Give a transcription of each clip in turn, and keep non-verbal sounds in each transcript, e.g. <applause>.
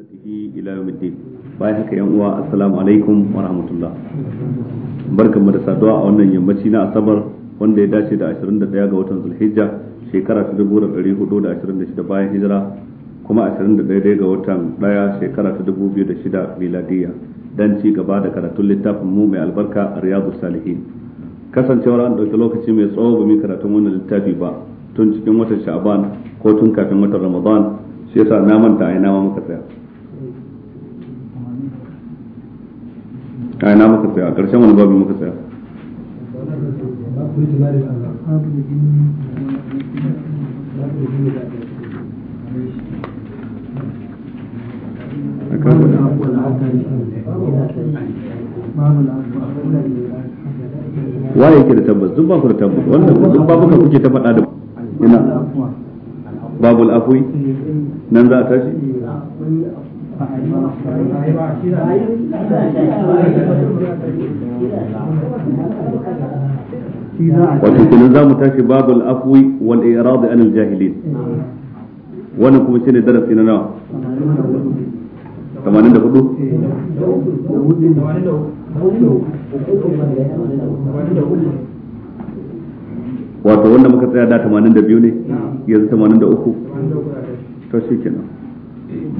sunnatihi ila haka yan uwa assalamu alaikum wa rahmatullah barkamu da saduwa a wannan yammaci na asabar wanda ya dace da 21 ga watan zulhijja shekara ta 1426 bayan hijira kuma 21 ga watan daya shekara ta 2006 miladiyya dan ci gaba da karatun littafin mu mai albarka Riyabu salihin kasancewar an dauki lokaci mai tsawo ba mu karatun wannan littafi ba tun cikin watan Sha'aban ko tun kafin watan ramadan shi yasa naman manta a yi nama muka tsaya a ina muka tsaya a ƙarshen wani babu maka tsaya waye yake da tabbas duk ba ku da tabbas wannan duk babu ka kuke ta faɗa da ina babul afwi nan za a tashi wato kenan za mu tashi babu al'afwi wal iradi anil jahilin wannan kuma shine darasi na nawa 84 wato wanda muka tsaya da 82 ne yanzu 83 to shi kenan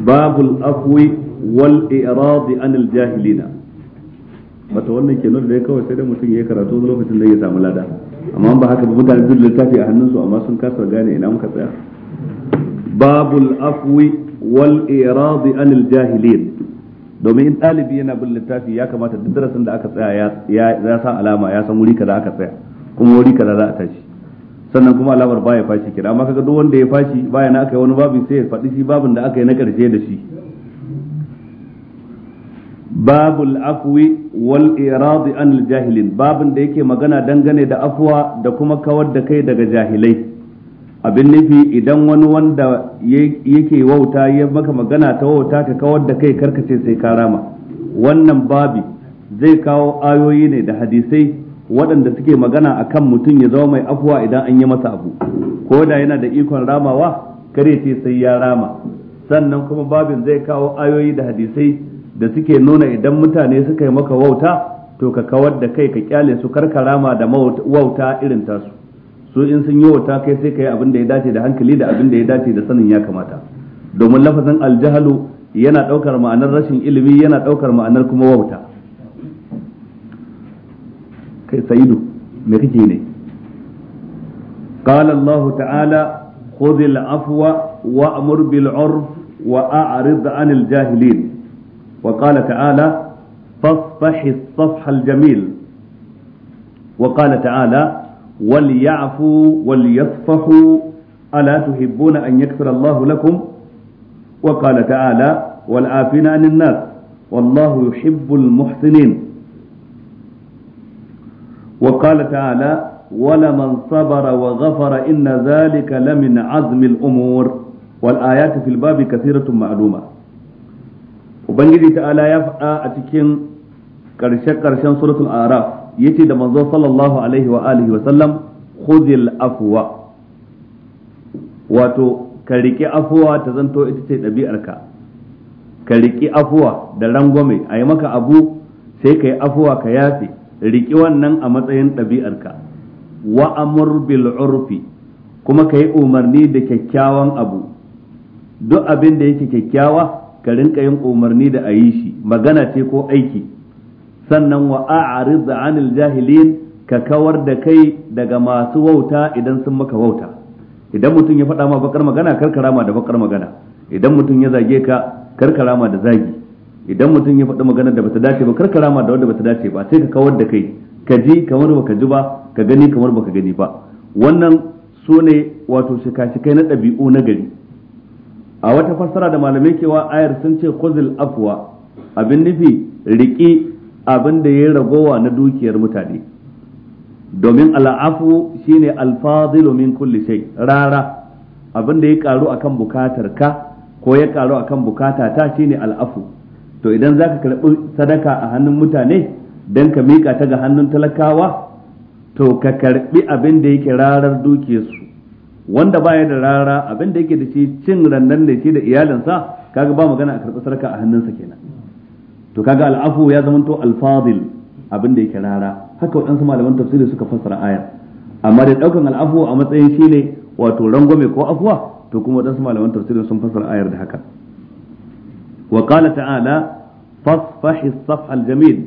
babul afwi wal i'rad an al jahilina wato wannan kenan da kawai sai da mutum ya karatu lokacin da ya samu lada amma ba haka ba mutane duk littafi a hannunsu amma sun kasa gane ina muka tsaya babul afwi wal i'rad an al jahilin domin in ɗalibi yana bin littafi ya kamata duk darasin da aka tsaya ya sa alama ya san wuri kaza aka tsaya kuma wuri kaza za a tashi sannan kuma alamar baya fashi kira amma kaga duk wanda ya fashi baya na aka yi wani babin sai ya faɗi shi babin da aka yi na ƙarshe da shi babul afwi wal iradi an jahilin babin da yake magana dangane da afwa da kuma kawar da kai daga jahilai abin nufi idan wani wanda yake wauta ya maka magana ta wauta ka kawar da kai karkace sai ka rama wannan babi zai kawo ayoyi ne da hadisai waɗanda suke magana a kan mutum ya zama mai afuwa idan an yi masa abu ko da yana da ikon ramawa kare ce sai ya rama sannan kuma babin zai kawo ayoyi da hadisai da suke nuna idan mutane suka yi maka wauta to ka kawar da kai ka kyale su kar ka rama da wauta irin tasu su in sun yi wauta kai sai ka yi abin da ya dace da hankali da abin da ya dace da sanin ya kamata domin lafazin aljahalu yana ɗaukar ma'anar rashin ilimi yana ɗaukar ma'anar kuma wauta kai sayidu me الله ne qala allah ta'ala خذ العفو وأمر بالعرف وأعرض عن الجاهلين وقال تعالى فاصفح الصفح الجميل وقال تعالى وليعفوا وليصفحوا ألا تحبون أن يكفر الله لكم وقال تعالى والعافين عن الناس والله يحب المحسنين وقال تعالى ولمن صبر وغفر إن ذلك لمن عزم الأمور والآيات في الباب كثيرة معلومة وبنجي تعالى يفعى أتكين كرشة كرشان سورة الأعراف يتي دمزو صلى الله عليه وآله وسلم خذ الأفوى واتو كريكي أفوى تزنتو إتتي نبيئرك كريكي أفوى دلنغومي أي مكا أبو sai ka yi afuwa ka yafe riki wannan a matsayin ɗabi'arka wa amur bil urfi kuma ka yi umarni da kyakkyawan abu duk abin da yake kyakkyawa ka rinka yin umarni da a yi shi magana ce ko aiki sannan wa a'rid anil jahilin ka kawar da kai daga masu wauta idan sun maka wauta idan mutum ya faɗa ma bakar magana kar da bakar magana idan mutum ya zage ka kar da zagi idan mutum ya faɗi magana da bata dace ba karka rama da wanda bata dace ba sai ka kawar da kai ka ji kamar baka ji ba ka gani kamar baka gani ba wannan su ne wato shika-shikai na ɗabi'u na gari a wata fassara da malamai kewa ayar sun ce khuzil afwa abin nufi riƙi abin da ya yi ragowa na dukiyar mutane domin al'afu shine alfadilu min kulli shay rara abin da ya karu akan bukatar ka ko ya karu akan bukata ta shine al'afu to idan za ka karɓi sadaka a hannun mutane don ka miƙa ta ga hannun talakawa to ka karɓi abin da yake rarar su wanda baya da rara abin da yake da shi cin rannan da shi da iyalinsa kaga ba magana a karɓi sadaka a hannunsa kenan to kaga al'afu ya zama to alfadil abin da yake rara haka waɗansu malaman tafsiri suka fassara ayar amma da ɗaukan al'afu a matsayin shi ne wato rangwame ko afuwa to kuma waɗansu malaman tafsirin sun fassara ayar da haka wa qala ta'ala fasfahi jamil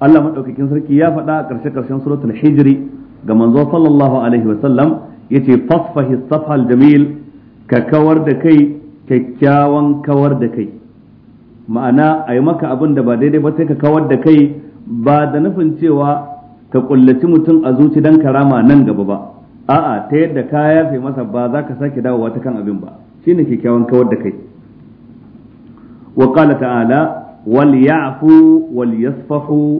Allah madaukakin sarki ya faɗa a ƙarshe ƙarshen suratul hijri ga manzo sallallahu alaihi wa sallam yace fasfahi as-safha jamil ka kawar da kai kyakkyawan kawar da kai ma'ana a yi maka abin da ba daidai ba sai ka kawar da kai ba da nufin cewa ka kullaci mutum a zuci don karama nan gaba ba a'a ta yadda ka yafe masa ba za ka sake dawowa ta kan abin ba shine kyakkyawan kawar da kai wal تعالى وليعفوا وليصفحوا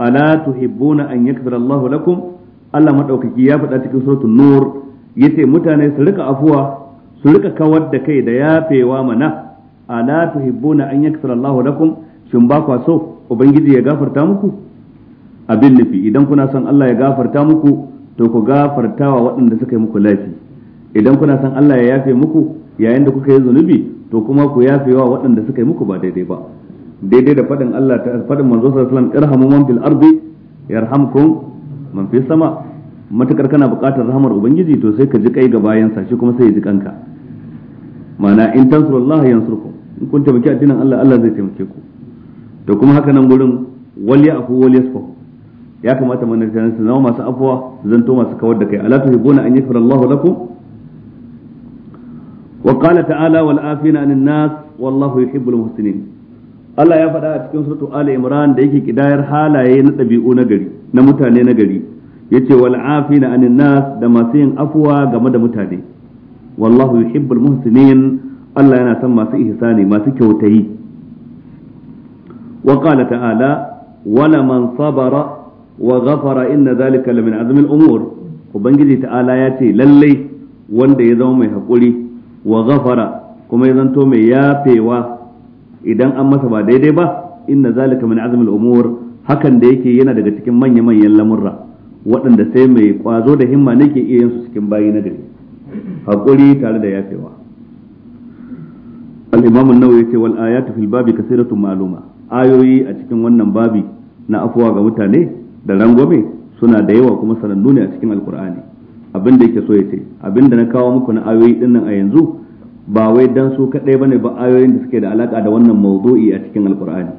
ألا تحبون أن يكفر الله لكم Allah maɗaukaki ya faɗa cikin suratul nur yace mutane su rika afuwa su rika kawar da kai da yafewa mana ala tuhibbuna an yakthura Allahu lakum shin ba kwa so ubangiji ya gafarta muku abin nufi idan kuna son Allah ya gafarta muku to ku wa waɗanda suka yi muku laifi idan kuna son Allah ya yafe muku yayin da kuka yi zunubi to kuma ku yafe wa waɗanda suka yi muku ba daidai ba daidai da faɗin Allah ta faɗin manzo sallallahu alaihi wasallam man bil ardi yarhamkum man fi sama matukar kana buƙatar rahmar ubangiji to sai ka ji kai ga bayan sa shi kuma sai ya ji kanka ma'ana in tansurullahi yansurkum in kun taimaki addinin Allah Allah zai taimake ku to kuma haka nan gurin wal ya'fu wal yasfahu ya kamata mun tana su zama masu zan zanto masu kawar da kai ala tuhibbuna an yakfira Allahu lakum وقال تعالى والعافين عن الناس والله يحب المحسنين Allah ya faɗa a cikin suratu Ali Imran da yake kidayar halaye na ɗabi'u na gari na mutane na gari yace wal afina anin nas da masu yin afuwa game da mutane wallahu yuhibbul muhsinin Allah yana son masu ihsani masu kyautayi wa qala ta'ala wala man sabara wa ghafara inna zalika lamin azmil umur ubangiji ta'ala ya ce lallai wanda ya zama mai hakuri wa ghafara kuma ya zanto mai yafewa idan an masa ba daidai ba inna zalika min azmil umur hakan da yake yana daga cikin manya-manyan lamurra waɗanda sai mai kwazo da himma ne ke iya yin su cikin bayi na gari hakuri tare da yafewa al-imam an-nawawi yace wal ayatu fil babi kasiratun ma'luma ayoyi a cikin wannan babi na afuwa ga mutane da rangwame suna da yawa kuma sanannu ne a cikin alkur'ani abin da yake so ya ce abin da na kawo muku na ayoyi dinnan a yanzu ba wai dan su kadai bane ba ayoyin da suke da alaka da wannan mawdu'i a cikin alqur'ani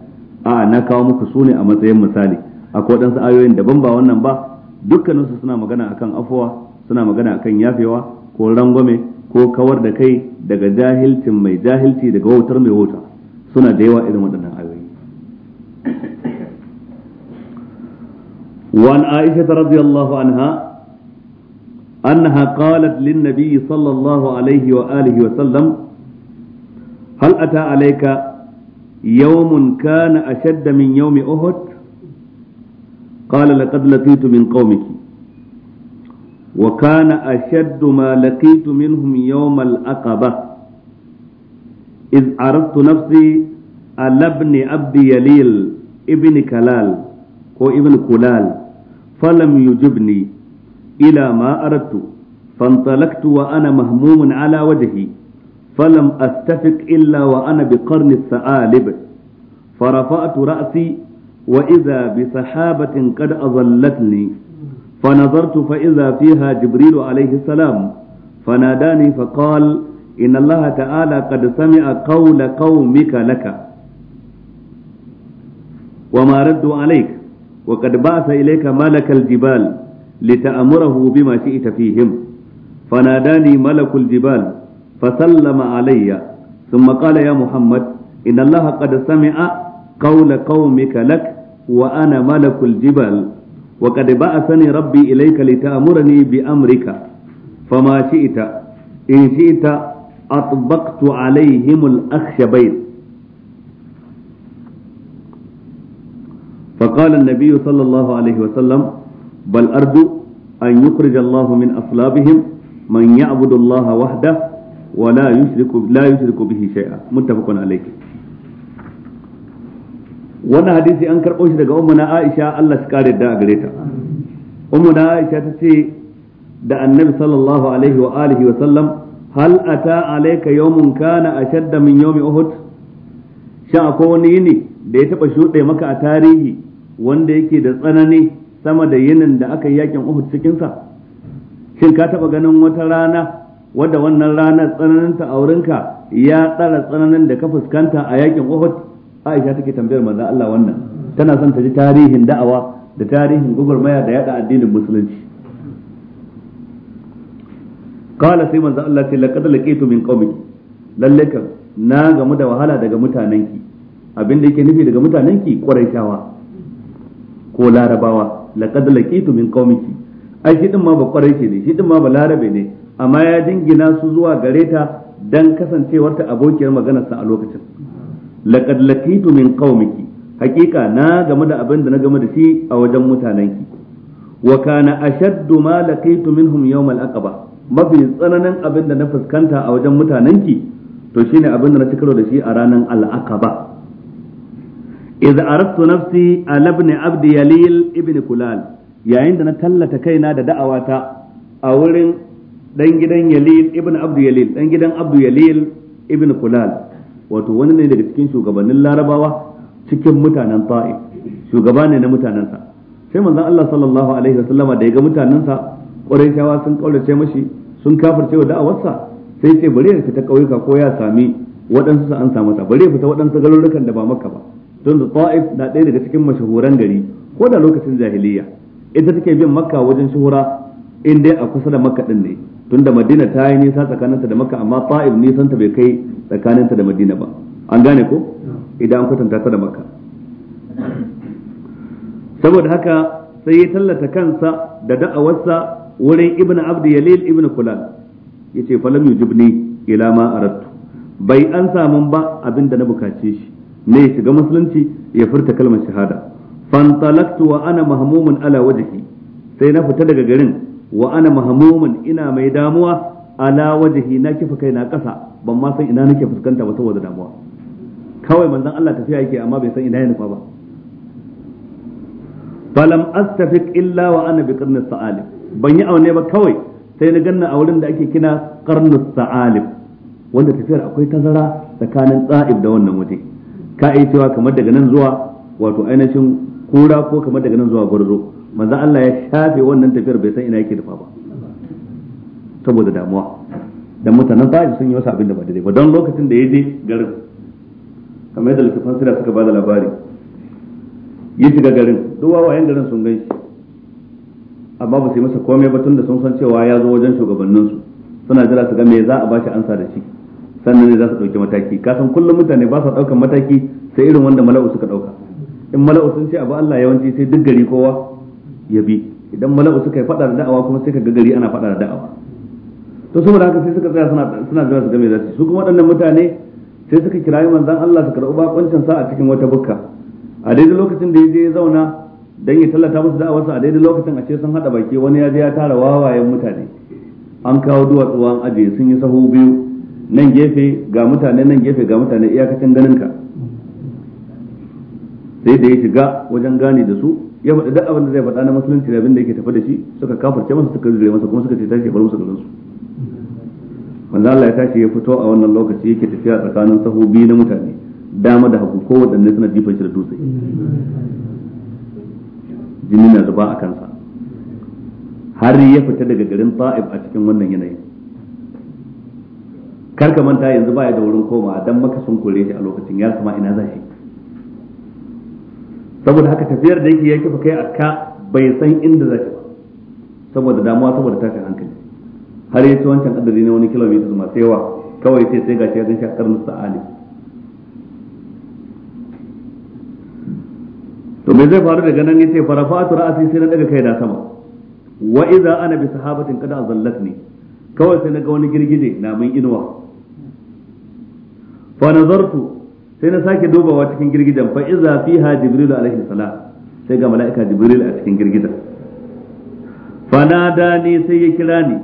a na kawo muku su ne a matsayin misali akwai su ayoyin daban ba wannan ba su suna magana akan afuwa suna magana akan yafewa ko rangwame ko kawar da kai daga jahilcin mai jahilci daga wautar mai wauta suna da yawa irin waɗannan ayoyi وعن عائشة رضي الله عنها أنها قالت للنبي صلى الله عليه وآله وسلم هل أتى عليك يوم كان أشد من يوم أهد قال لقد لقيت من قومك وكان أشد ما لقيت منهم يوم العقبة إذ عرضت نفسي على ابن عبد يليل ابن كلال وابن كلال فلم يجبني إلى ما أردت فانطلقت وأنا مهموم على وجهي فلم أستفق إلا وأنا بقرن الثعالب فرفعت رأسي وإذا بسحابة قد أظلتني فنظرت فإذا فيها جبريل عليه السلام فناداني فقال إن الله تعالى قد سمع قول قومك لك وما ردوا عليك وقد بعث إليك ملك الجبال لتأمره بما شئت فيهم فناداني ملك الجبال فسلم علي ثم قال يا محمد إن الله قد سمع قول قومك لك وأنا ملك الجبال وقد بعثني ربي إليك لتأمرني بأمرك فما شئت إن شئت أطبقت عليهم الأخشبين فقال النبي صلى الله عليه وسلم bal ardu an yukhrij Allah min aslabihim man ya'budu Allah wahda wa la yushriku la yushriku bihi shay'a muttafaqun wannan hadisi an karɓo shi daga ummuna Aisha Allah shi kare da gare ta ummuna Aisha ta ce da annabi sallallahu alaihi wa alihi wa sallam hal ata alayka yawmun kana ashadda min yawmi uhud shin akwai wani yini da ya taba shuɗe maka a tarihi wanda yake da tsanani sama da yinin da aka yi yakin Uhud cikin shin ka taba ganin wata rana wadda wannan rana tsananin ta aurinka ya tsara tsananin da ka fuskanta a yakin Uhud Aisha take tambayar manzo Allah wannan tana son ta ji tarihin da'awa da tarihin gugurmaya da yada addinin musulunci Kala sai manzo Allah ce laqad laqitu min qawmi lalle na gamu da wahala daga mutanenki abin da yake nufi daga mutanenki quraishawa ko larabawa laqad laqitu min qaumiki ai shi din ma ba kwarai ce ne shi din ma ba larabe ne amma ya dingina su zuwa gare ta dan kasancewar ta abokiyar magana sa a lokacin laqad laqitu min qaumiki na game da abin da na game da shi a wajen mutanenki wa kana ashaddu ma laqitu minhum yawm al-aqaba mafi tsananin abin da na fuskanta a wajen mutanenki to shine abin da na ci karo da shi a ranar al-aqaba idza arastu nafsi ala ibn abd yalil ibn kulal yayin da na tallata kaina da da'awata a wurin dan gidan yalil ibn abd yalil dan gidan abd yalil ibn kulal wato wani ne daga cikin shugabannin larabawa cikin mutanen ta'if shugaba ne na mutanensa sai manzon Allah sallallahu alaihi wasallama da ya ga mutanensa shawa sun kaurace mashi sun kafirce wa da'awarsa sai sai bari ya ta kauyuka ko ya sami waɗansu an samu ta bari ya fita waɗansu garurukan da ba makka ba don da ta'if na ɗaya daga cikin mashahuran gari ko da lokacin jahiliya ita take bin makka wajen shuhura in dai a kusa da makka din ne tunda madina ta yi nisa tsakaninta da makka amma ta'if nisan ta bai kai tsakaninta da madina ba an gane ko idan an kwatanta ta da makka saboda haka sai ya tallata kansa da da'awarsa wurin ibn abdu yalil ibn kulal yace falam yujibni ila ma aradtu bai an samun ba abinda na bukace shi ne ya shiga musulunci ya furta kalmar shahada fantalaktu wa ana mahmumun ala wajhi sai na fita daga garin wa ana mahmumun ina mai damuwa ala wajhi na kifa kai kasa ban ma san ina nake fuskanta ba saboda damuwa kawai manzon Allah tafiya yake amma bai san ina ya nufa ba falam astafiq illa wa ana bi qarni sa'alib ban yi aune ba kawai sai na ganna a wurin da ake kina qarni sa'alib wanda tafiyar akwai tazara tsakanin tsa'ib da wannan waje ka yi cewa kamar daga nan zuwa wato ainihin kura ko kamar daga nan zuwa gwarzo manzo Allah ya shafe wannan tafiyar bai san ina yake dafa ba saboda damuwa dan mutanen ba sun yi wasu abin da ba daidai ba don lokacin da ya je garin kamar yadda littafin sira suka bada labari ya shiga garin duk wawayen garin sun gaishe amma ba su yi masa komai ba da sun san cewa ya zo wajen shugabanninsu suna jira su ga me za a bashi ansa da shi sannan ne za su ɗauki mataki kasan kullum mutane ba su ɗaukan mataki sai irin wanda mala'u suka ɗauka in mala'u sun ce abu Allah yawanci sai duk gari kowa ya bi idan mala'u suka yi faɗa da da'awa kuma sai ka ga gari ana faɗa da da'awa to saboda haka sai suka tsaya suna suna jira su ga me za su su kuma waɗannan mutane sai suka kirayi manzon Allah su karɓi bakuncin sa a cikin wata bukka a daidai lokacin da ya je ya zauna dan ya tallata musu sa a daidai lokacin a ce sun hada baki wani ya je ya tara wawayen mutane an kawo duwatsu an ajiye sun yi sahu biyu nan gefe ga mutane nan gefe ga mutane iyakacin ganinka sai da ya shiga wajen gane da su ya faɗi duk abin da zai faɗa na musulunci da abin da yake tafi da shi suka kafarce masa suka rure masa kuma suka ce tashi bar musu garin su manzo Allah ya tashi ya fito a wannan lokaci yake tafiya tsakanin sahu biyu na mutane dama da hagu ko waɗanne suna jifan shi da dutse jini na zuba a kansa har ya fita daga garin Ta'ib a cikin wannan yanayin kar ka manta yanzu baya da wurin koma dan maka sun kore shi a lokacin ya sama ina za shi saboda haka tafiyar da yake yake kai aka bai san inda zai ba saboda damuwa saboda tashin hankali har yace wancan adadi ne wani kilomita masu yawa kawai sai sai gashi ya gan shi a karnin sa'ali to me zai faru daga nan yace farafatu ra'asi sai na daga kai na sama wa idza ana bi sahabatin kada zallatni kawai sai na ga wani girgije na mun inuwa fa nazartu sai na sake dubawa cikin girgidan fa iza fiha jibril alaihi salam sai ga mala'ika jibril a cikin girgidan fa ne sai ya kira ni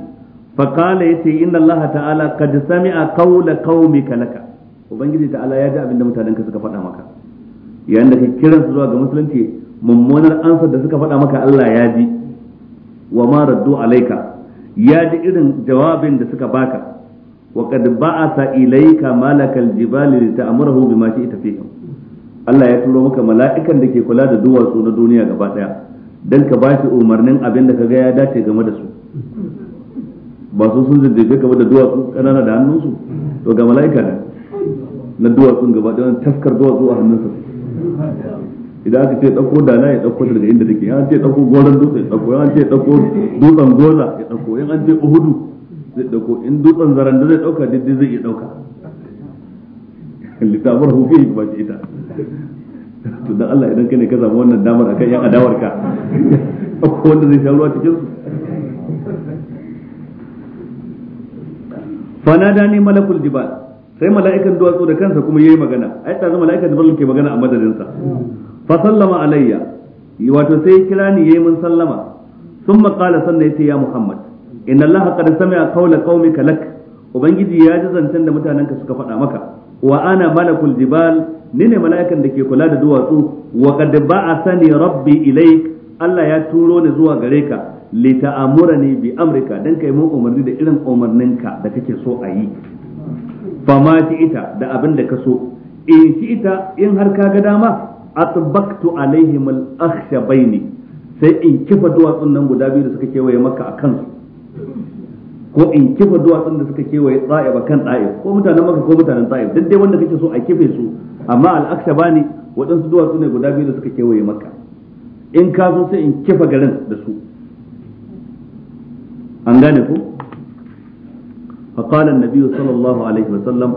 fa qala yace inna allaha ta'ala qad sami'a qawla qaumika laka ubangiji ta'ala ya ji abin da mutanen ka suka faɗa maka yayin da kai kiransu zuwa ga musulunci mummunar ansar da suka faɗa maka Allah ya ji wa ma raddu alaika ya ji irin jawabin da suka baka وقد بعث إليك ملك الجبال لتأمره بما شئت فيهم Allah ya turo maka mala'ikan da ke kula da duwatsu na duniya gaba daya don ka bashi umarnin abin da kaga ya dace game da su ba su sun jirgin game da duwatsu kanana da hannunsu to ga mala'ika ne na duwatsun gaba daya wani taskar duwatsu a hannunsa idan aka ce ɗauko dana ya ɗauko daga inda take an ce ɗauko goron dutse ya ɗauko an ce ɗauko dutsen goza ya ɗauko in an ce uhudu zai dauko in dutsen zaren da zai dauka daidai zai iya dauka littafar hufi ba ce ita to dan Allah idan kane ne ka samu wannan damar akan yan adawar ka akwai wanda zai sha cikinsu. cikin su fanada ne malakul jibal sai mala'ikan duwatsu da kansa kuma yayi magana ai tsare mala'ikan jibal ke magana a madadin sa fa sallama alayya wato sai kira ni yayi mun sallama sun qala sannan yace ya muhammad inna allaha qad sami'a qawla qaumika lak ubangiji ya ji zancen da mutanenka suka faɗa maka wa ana malakul jibal ni ne mala'ikan da ke kula da duwatsu wa qad ba'athani rabbi ilai. Allah ya turo ni zuwa gare ka li ne bi amrika dan kai mun umarni da irin umarninka da kake so a yi fa ma ita da abin da ka so in shi ita in har ka ga dama atbaktu alaihim al-akhshabaini sai in kifa duwatsun nan guda biyu da suka kewaye maka a kansu ko in kifa duwatsun da suka kewaye tsa'ib kan tsa'ib ko mutanen maka ko mutanen tsa'ib duk dai wanda kake so a kife su amma al'akshaba ne waɗansu duwatsu ne guda biyu da suka kewaye maka in ka in kifa garin da su an gane ko فقال النبي صلى الله عليه وسلم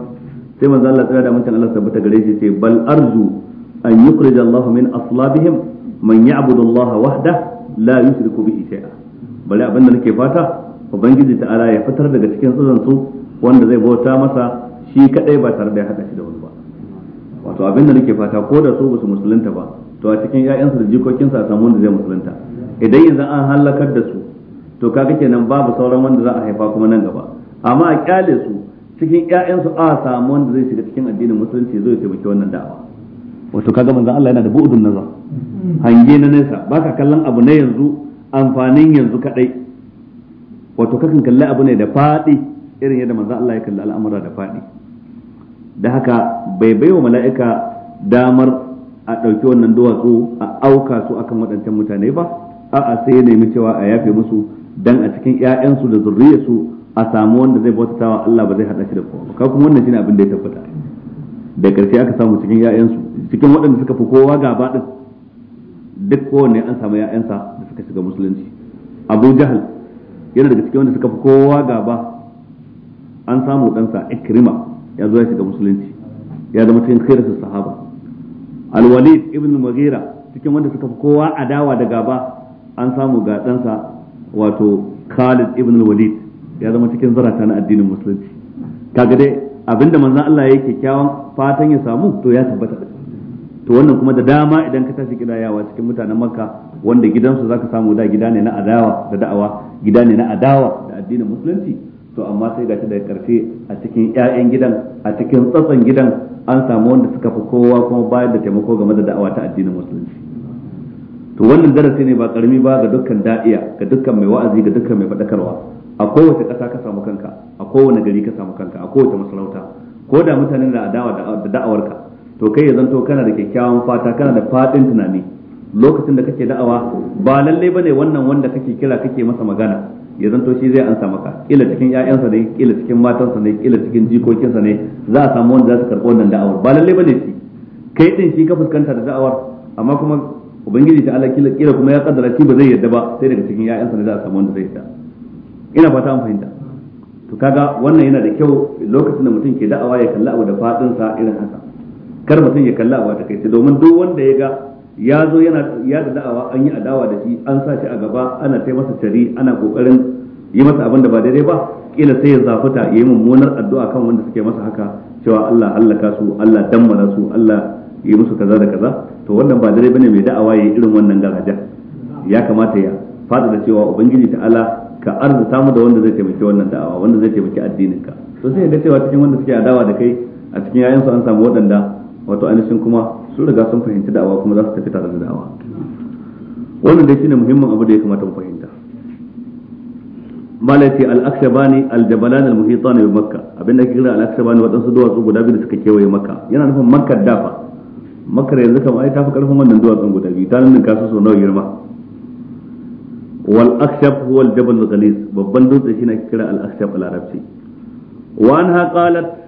sai manzo Allah tsaya da mutan Allah tabbata gare shi sai bal arju an yukhrij Allah min aslabihim man ya'budu Allah wahda la yushriku bihi shay'a bale abinda nake fata ubangiji ala ya fitar daga cikin tsuzan su wanda zai bauta masa shi kadai ba tare da ya hada shi da wani ba wato abin da nake fata ko da su su musulunta ba to a cikin ƴaƴansu da jikokinsa a samu wanda zai musulunta idan yanzu an halakar da su to kaga kenan babu sauran wanda za a haifa kuma nan gaba amma a kyale su cikin ƴaƴansu a samu wanda zai shiga cikin addinin musulunci zai taimaki wannan da'awa wato kaga manzo Allah yana da bu'udun nazar hange na nesa baka kallon abu na yanzu amfanin yanzu kadai wato kakan kalli abu ne da faɗi irin yadda manzo Allah ya kalli al'amura da faɗi da haka bai bai wa mala'ika damar a ɗauki wannan duwatsu a auka su akan waɗancan mutane ba a sai ya nemi cewa a yafe musu dan a cikin ƴaƴansu da zurriyarsu a samu wanda zai wa Allah ba zai hada shi da kowa ka kuma wannan shine abin da ya tabbata da karshe aka samu cikin ƴaƴansu cikin waɗanda suka fi kowa gaba din duk kowanne an samu ƴaƴansa da suka shiga musulunci Abu Jahal yana daga cikin wanda suka fi kowa gaba an samu ɗansa ikrima ya zo ya shiga musulunci ya zama cikin khairatu sahaba al-walid ibn mughira cikin wanda suka fi kowa adawa da gaba an samu ga ɗansa wato khalid ibn walid ya zama cikin zarata na addinin musulunci kaga dai abinda manzon Allah yake kyakkyawan fatan ya samu to ya tabbata to wannan kuma da dama idan ka tashi kidayawa cikin mutanen makka wanda gidansu zaka samu da gida ne na adawa da da'awa gida ne na adawa da addinin musulunci to amma sai gashi daga karshe a cikin ƴaƴan gidan a cikin tsatsan gidan an samu wanda suka fi kowa kuma bayar da taimako game da da'awa ta addinin musulunci to wannan darasi ne ba karami ba ga dukkan da'iya ga dukkan mai wa'azi ga dukkan mai faɗakarwa a kowace ƙasa ka samu kanka a kowane gari ka samu kanka a kowace masarauta ko da mutanen da adawa da da'awarka to kai ya zanto kana da kyakkyawan fata kana da fadin tunani lokacin da kake da'awa ba lalle bane wannan wanda kake kira kake masa magana ya zanto shi zai ansa maka kila cikin ƴaƴansa ne kila cikin matansa ne kila cikin jikokinsa ne za a samu wanda za su karɓi wannan da'awar ba lalle bane shi kai din shi ka fuskanta da da'awar amma kuma ubangiji ta Allah kila kila kuma ya kaddara shi ba zai yarda ba sai daga cikin ƴaƴansa ne za a samu wanda zai yarda ina fata an fahimta to kaga wannan yana da kyau lokacin da mutum ke da'awa ya kalli abu da fadin sa irin haka kar mutum ya kalla awa takaice domin duk wanda ya ga ya zo yana ya da da'awa an yi adawa da shi an sa shi a gaba ana kai masa tari ana kokarin yi masa abin da ba daidai ba kila sai ya zafuta ya yi mummunar addu'a kan wanda suke masa haka cewa Allah hallaka su Allah dammala su Allah yi musu kaza da kaza to wannan ba daidai bane mai da'awa ya yi irin wannan garaja ya kamata ya fada da cewa ubangiji ta'ala ka arzuta mu da wanda zai taimaki wannan da'awa wanda zai taimaki addinin ka to sai ga cewa cikin wanda suke adawa da kai a cikin yayansu an samu waɗanda wato ainihin kuma sun riga sun fahimci da'awa kuma za su tafi tare da da'awa wannan dai shine muhimmin abu da ya kamata mu fahimta malati al-akshabani al-jabalan al-muhitan bi makka abinda ake kira al-akshabani wadansu duwatsu guda biyu da suka kewaye makka yana nufin makka dafa makka yanzu kamar ai tafi karfin wannan duwatsun guda biyu ta nan kasu so nawa girma wal akshab huwa al-jabal al-ghaliz babban dutse shine ake kira al-akshab al-arabci wa anha qalat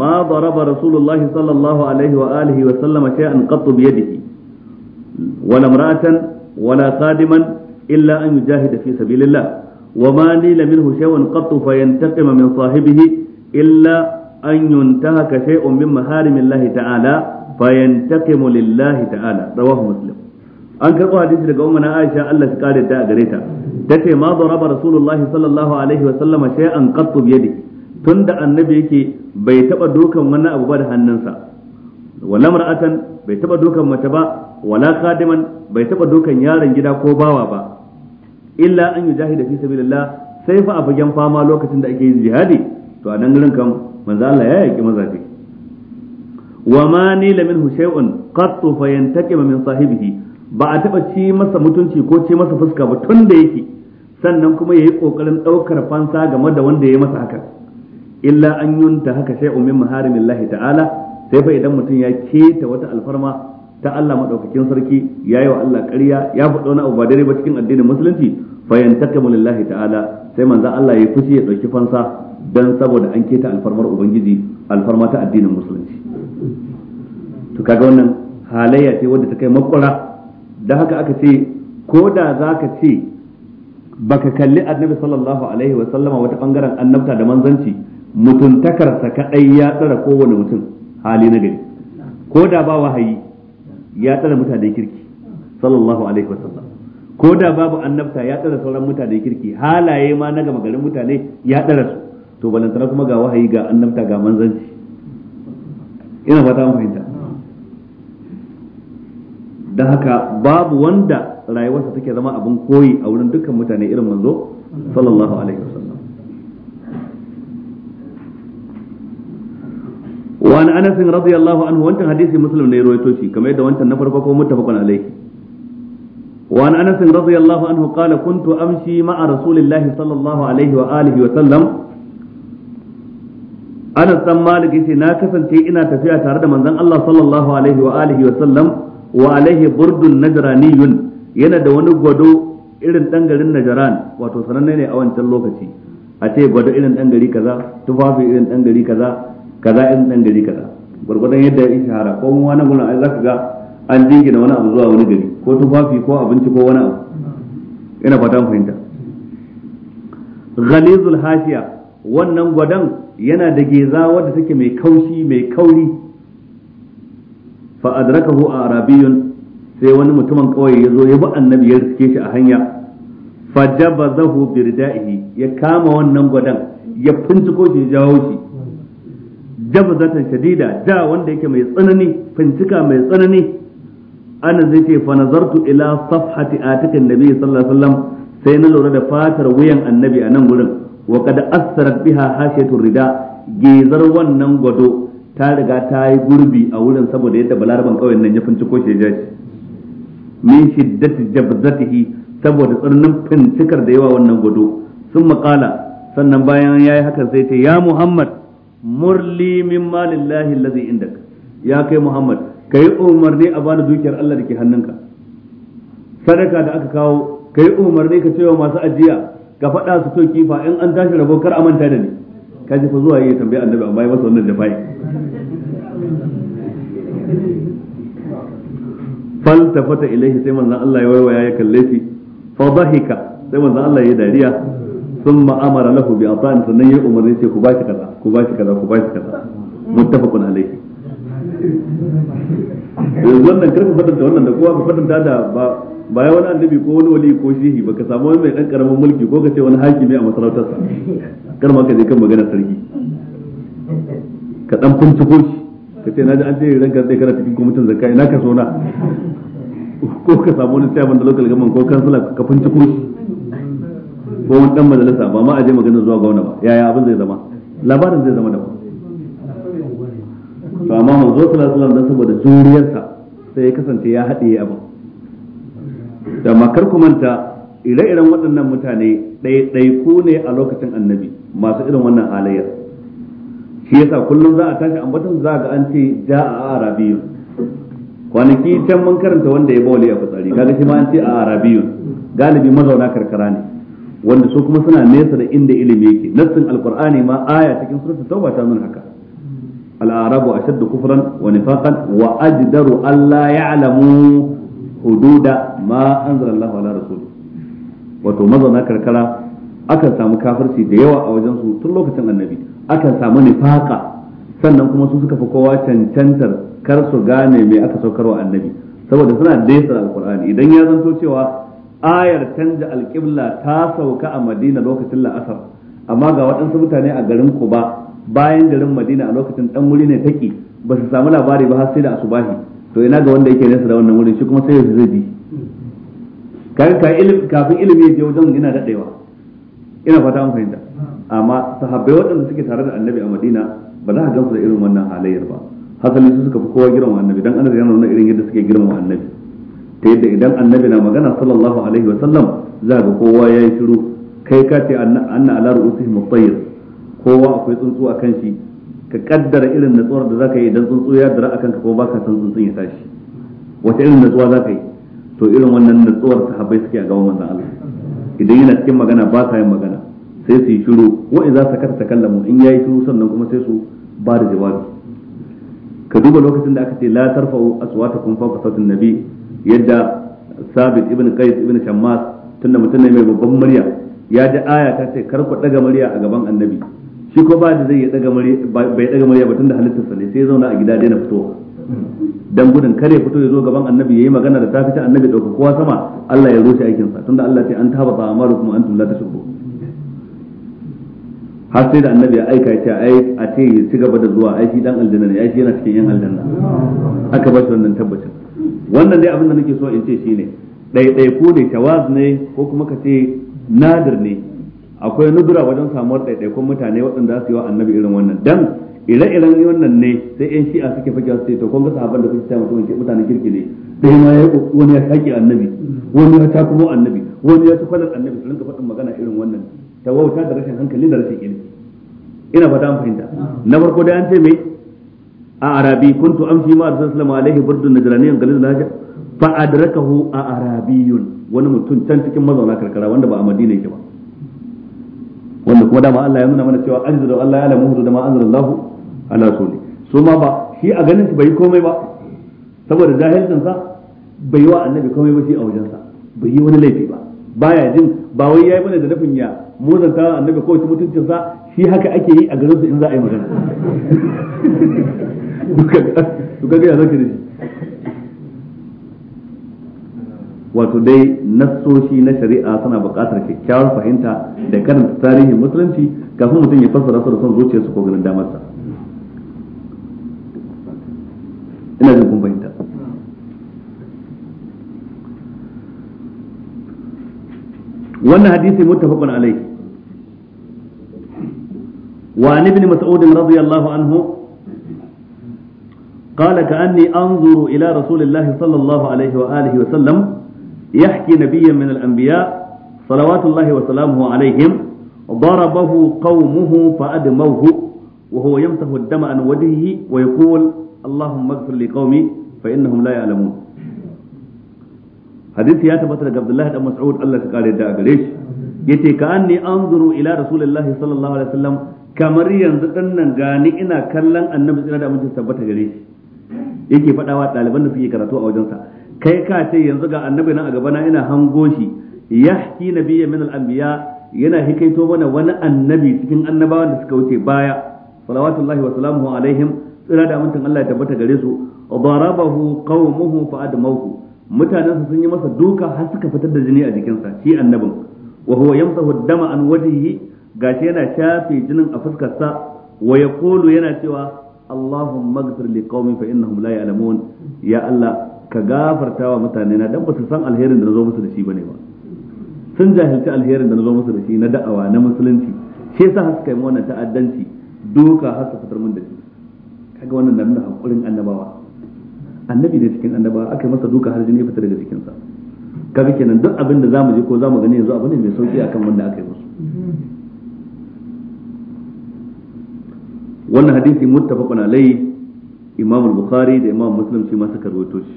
ما ضرب رسول الله صلى الله عليه وآله وسلم شيئا قط بيده ولا امرأة ولا قادما إلا أن يجاهد في سبيل الله وما نيل منه شيء قط فينتقم من صاحبه إلا أن ينتهك شيء من محارم الله تعالى فينتقم لله تعالى رواه مسلم an karɓo hadisi daga umarna aisha Allah shi kare ta a gare ta tace ma daraba rasulullahi sallallahu alaihi wa sallama shay'an qattu bi yadihi Tunda annabi yake bai taba dukan wani abu ba da hannunsa wala mar'atan bai taba dukan mace ba wala khadiman bai taba dukan yaron gida ko bawa ba illa an yujahida fi sabilillah sai fa a fagen fama lokacin da ake yin jihadi to a nan gurin manzo Allah ya yaki mazaje wa ma la minhu shay'un fa fayantaqim min sahibihi ba a taba ci masa mutunci ko ci masa fuska ba tun da yake sannan kuma yayi kokarin daukar fansa game da wanda ya masa haka illa an yunta haka sai umin lahi ta'ala sai fa idan mutum ya keta wata alfarma ta Allah madaukakin sarki yi wa Allah ƙarya ya faɗo na abu ba dare ba cikin addinin musulunci fa yantakamu lillahi ta'ala sai manzo Allah ya fushi ya dauki fansa dan saboda an keta alfarmar ubangiji alfarma ta addinin musulunci to kaga wannan halayya ce wadda ta kai makwara da haka aka ce ko da zaka ce baka kalli annabi sallallahu alaihi wa sallama wata bangaren annabta da manzanci mutuntakarsa kadai ya tsara kowane mutum hali na gari ko da ba wahayi ya tsara mutane kirki sallallahu alaihi wa sallam, ko da babu annabta ya tsara sauran mutane kirki halaye ma na gama garin mutane ya tsara su to balantana kuma ga wahayi ga annabta ga manzanci ina fata mun fahimta dan haka babu wanda rayuwarsa take zama abin koyi a wurin dukkan mutane irin manzo sallallahu alaihi wa sallam. wa an anas radiyallahu anhu wancan hadisi muslim ne rawaito shi kamar yadda wancan na farko ko muttafaqun alayhi wa an anas radiyallahu anhu qala kuntu amshi ma'a rasulillahi sallallahu alaihi wa wa sallam anas dan na kasance ina tafiya tare da manzon Allah sallallahu alaihi wa alihi sallam burdun yana da wani gwado irin dan garin wato sananne ne a wancan lokaci a ce gwado irin dan gari kaza tufafi irin dan gari kaza kaza in dan gari kaza gurgurdan yadda ya shahara ko mu wani gurin ai zaka ga an jingina wani abu zuwa wani gari ko tufafi ko abinci ko wani abu ina fata fahimta ghalizul hashiya wannan gwadon yana da geza wadda take mai kaushi mai kauri fa adrakahu arabiyun sai wani mutumin kawai ya zo ya bi annabi ya riske shi a hanya fajabazahu birda'ihi ya kama wannan gwadon ya finciko shi jawo shi zata shadida da wanda yake mai tsanani fincika mai tsanani ana zai ce fa nazartu ila safhati atikin nabi sallallahu alaihi wasallam sai na lura da fatar wuyan annabi a nan gurin wa kada asarat biha hashatu rida gezar wannan gado ta riga ta yi gurbi a wurin saboda yadda balarban kauyen nan ya finciko shi ya ji min shiddati jabzatihi saboda tsananin fincikar da yawa wannan gado sun makala sannan bayan yayi hakan sai ce ya muhammad murli min malillahi allazi indaka ya kai Muhammad kai umarni a bani dukiyar Allah da ke hannunka sadaka da aka kawo kai umarni ka cewa masu ajiya ka faɗa su to kifa in an tashi rabo kar amanta da ni ka ji fa zuwa yi tambayi annabi amma ya masa wannan da bai faltafata ilaihi sai manzon Allah ya waiwaya ya kalle shi fa dhahika sai manzon Allah ya dariya thumma amara lahu bi ataan sannan ya umarni ce ku bashi kaza ku bashi kaza ku bashi kaza muttafaqun alayhi eh, wannan karfa fadanta wannan da kowa ka fadanta da ba ya wani annabi ko wani wali ko shehi ba ka samu wani mai dan karamin mulki ko ka ce wani hakimi a masarautarsa kar ma ka je kan magana sarki ka dan binciko shi ka ce na ji an ce ranka zai kana cikin kwamitin zakka ina ka so na ko ka samu wani chairman da local government ko kansala ka binciko shi ko wani dan majalisa ba ma a je magana zuwa gauna ba yaya abin zai zama labarin zai zama da ba. to amma manzo sallallahu alaihi wasallam saboda juriyarsa sai ya kasance ya haɗiye abin da makar ku manta ire-iren waɗannan mutane ɗaiɗaiku ne a lokacin annabi masu irin wannan halayyar shi yasa kullum za a tashi ambatun za ga an ce ja a arabiyun kwanaki can mun karanta wanda ya bawali a fitsari kaga shi ma an ce a arabiyun galibi mazauna karkara ne wanda su kuma suna nesa da inda ilimi yake nassin alqur'ani ma aya cikin suratul tauba ta nuna haka al-arabu ashaddu kufran wa nifaqan wa ajdaru alla ya'lamu hududa ma anzala Allahu ala rasulih wato mazauna karkara akan samu kafirci da yawa a wajen su tun lokacin annabi akan samu nifaqa sannan kuma su suka fi kowa cancantar kar su gane me aka saukarwa annabi saboda suna daisa alqur'ani idan ya zanto cewa ayar canja alƙibla ta sauka a madina lokacin la'asar amma ga waɗansu mutane a garin kuba bayan garin madina a lokacin ɗan wuri ne take ba su samu labari ba har sai da asubahi to ina ga wanda yake nesa da wannan wurin shi kuma sai yanzu zai bi kafin ilimi je wajen yana daɗewa ina fata an fahimta amma sahabbai waɗanda suke tare da annabi a madina ba za a gansu da irin wannan halayyar ba hasali su suka fi kowa girma annabi don ana yana nuna irin yadda suke girma annabi ta yadda idan annabi na magana sallallahu alaihi wa sallam za ga kowa ya yi shiru kai ka ce anna ala ru'usihim at-tayr kowa akwai tsuntsu a kan shi ka kaddara irin natsuwar da zaka yi idan tsuntsu ya dira akan ka ko baka san tsuntsun ya tashi wata irin natsuwa zaka yi to irin wannan natsuwar sahabbai suke a gaban manzon Allah idan yana cikin magana ba sa yin magana sai su yi shiru wa idza sakata takallamu in yayi shiru sannan kuma sai su ba da jawabi ka duba lokacin da aka ce la tarfa'u aswatakum fawqa sawtin nabi yadda sabit ibn qais ibn shammas tunda mutum ne mai babban murya ya ji aya ta ce kar ku daga murya a gaban annabi shi ko ba da zai ya daga murya bai daga murya ba tunda halittar sa ne sai ya zauna a gida daina fitowa dan gudun kare fito ya zo gaban annabi yayi magana da ta ta annabi dauka kowa sama Allah ya rushe aikin sa tunda Allah ce an amaru kuma antum la tashurun har sai da annabi ya aika ya ce ai a ce ya ci gaba da zuwa ai shi dan aljanna ne ai shi yana cikin yan aljanna aka ba shi wannan tabbacin wannan dai abin da nake so in ce shine ko ne tawaz ne ko kuma ka ce nadir ne akwai nudura wajen samuwar ɗaiɗaikun mutane waɗanda su yi wa annabi irin wannan dan ire-iren wannan ne sai yan shi'a suke fake su ce to kun ga sahabban da kuke taimaka mutum mutane kirki ne sai ma ya wani ya saki annabi wani ya takumo annabi wani ya tukwalar annabi su rinka faɗin magana irin wannan ta da rashin hankali da rashin ilimi ina fata an fahimta na farko dai an ce mai a arabi kuntu an fi ma arsalama alaihi burdun najraniyan galil lahaja fa adrakahu a arabiyun wani mutum can cikin mazauna karkara wanda ba a madina yake ba wanda kuma dama Allah ya nuna mana cewa ajzu da Allah ya alamu da ma anzalallahu ala rasuli su ma ba shi a ganin su bai komai ba saboda jahilcin sa bai yi wa annabi komai ba shi a wajen sa bai yi wani laifi ba baya jin ba wai yayi mana da nufin ya muzanta annabi ko ta mutuncin sa shi haka ake yi a garin su in za a yi magana <laughs> duka kaga ya zaka da shi wato dai nassoshi na shari'a suna buƙatar kyakkyawar fahimta da karanta tarihin musulunci kafin mutum ya fassara su da son zuciyarsu ko ganin damarsa ina jin kun fahimta wannan hadisi muttafaqun alai wa an ibn mas'ud radiyallahu anhu قال كأني أنظر إلى رسول الله صلى الله عليه وآله وسلم يحكي نبيا من الأنبياء صلوات الله وسلامه عليهم ضربه قومه فأدموه وهو يمسح الدم عن وجهه ويقول اللهم اغفر لقومي فإنهم لا يعلمون حديث يا تبت عبد الله بن مسعود الله قال دا غريش yace ka anni anzuru ila rasulillahi sallallahu alaihi wasallam kamar yanzu dinnan gani ina kallon annabi tsira da mutum tabbata gare shi yake faɗawa ɗaliban da suke karatu a wajensa kai ka ce yanzu ga annabi nan a gaba na ina hango shi yahki nabiyyan min al'ambiya yana hikaito mana wani annabi cikin annabawan da suka wuce baya salawatullahi wa salamuhu alaihim tsira da amincin Allah ya tabbata gare su darabahu qaumuhu fa admauhu mutanen sun yi masa duka har suka fitar da jini a jikinsa shi annabin wa huwa yamsahu dama an wajhihi gashi yana shafe jinin a fuskarsa wa yaqulu yana cewa Allahumma ighfir li qaumin fa innahum la ya'lamun ya Allah ka gafartawa mutane na dan ba su san alherin da nazo musu da shi bane ba sun jahilci alherin da nazo musu da shi na da'awa na musulunci shi yasa haska yi wannan ta'addanci doka har su fitar mun da shi kaga wannan nan da hankulin annabawa annabi ne cikin annabawa aka yi masa doka har jini ya fitar daga jikinsa. kaga kenan duk abin da zamu je ko zamu gani yanzu abu ne mai sauki akan wanda aka yi wannan hadisi muttafaqun alai imamu bukhari da imamu muslim shi ma suka rawaito shi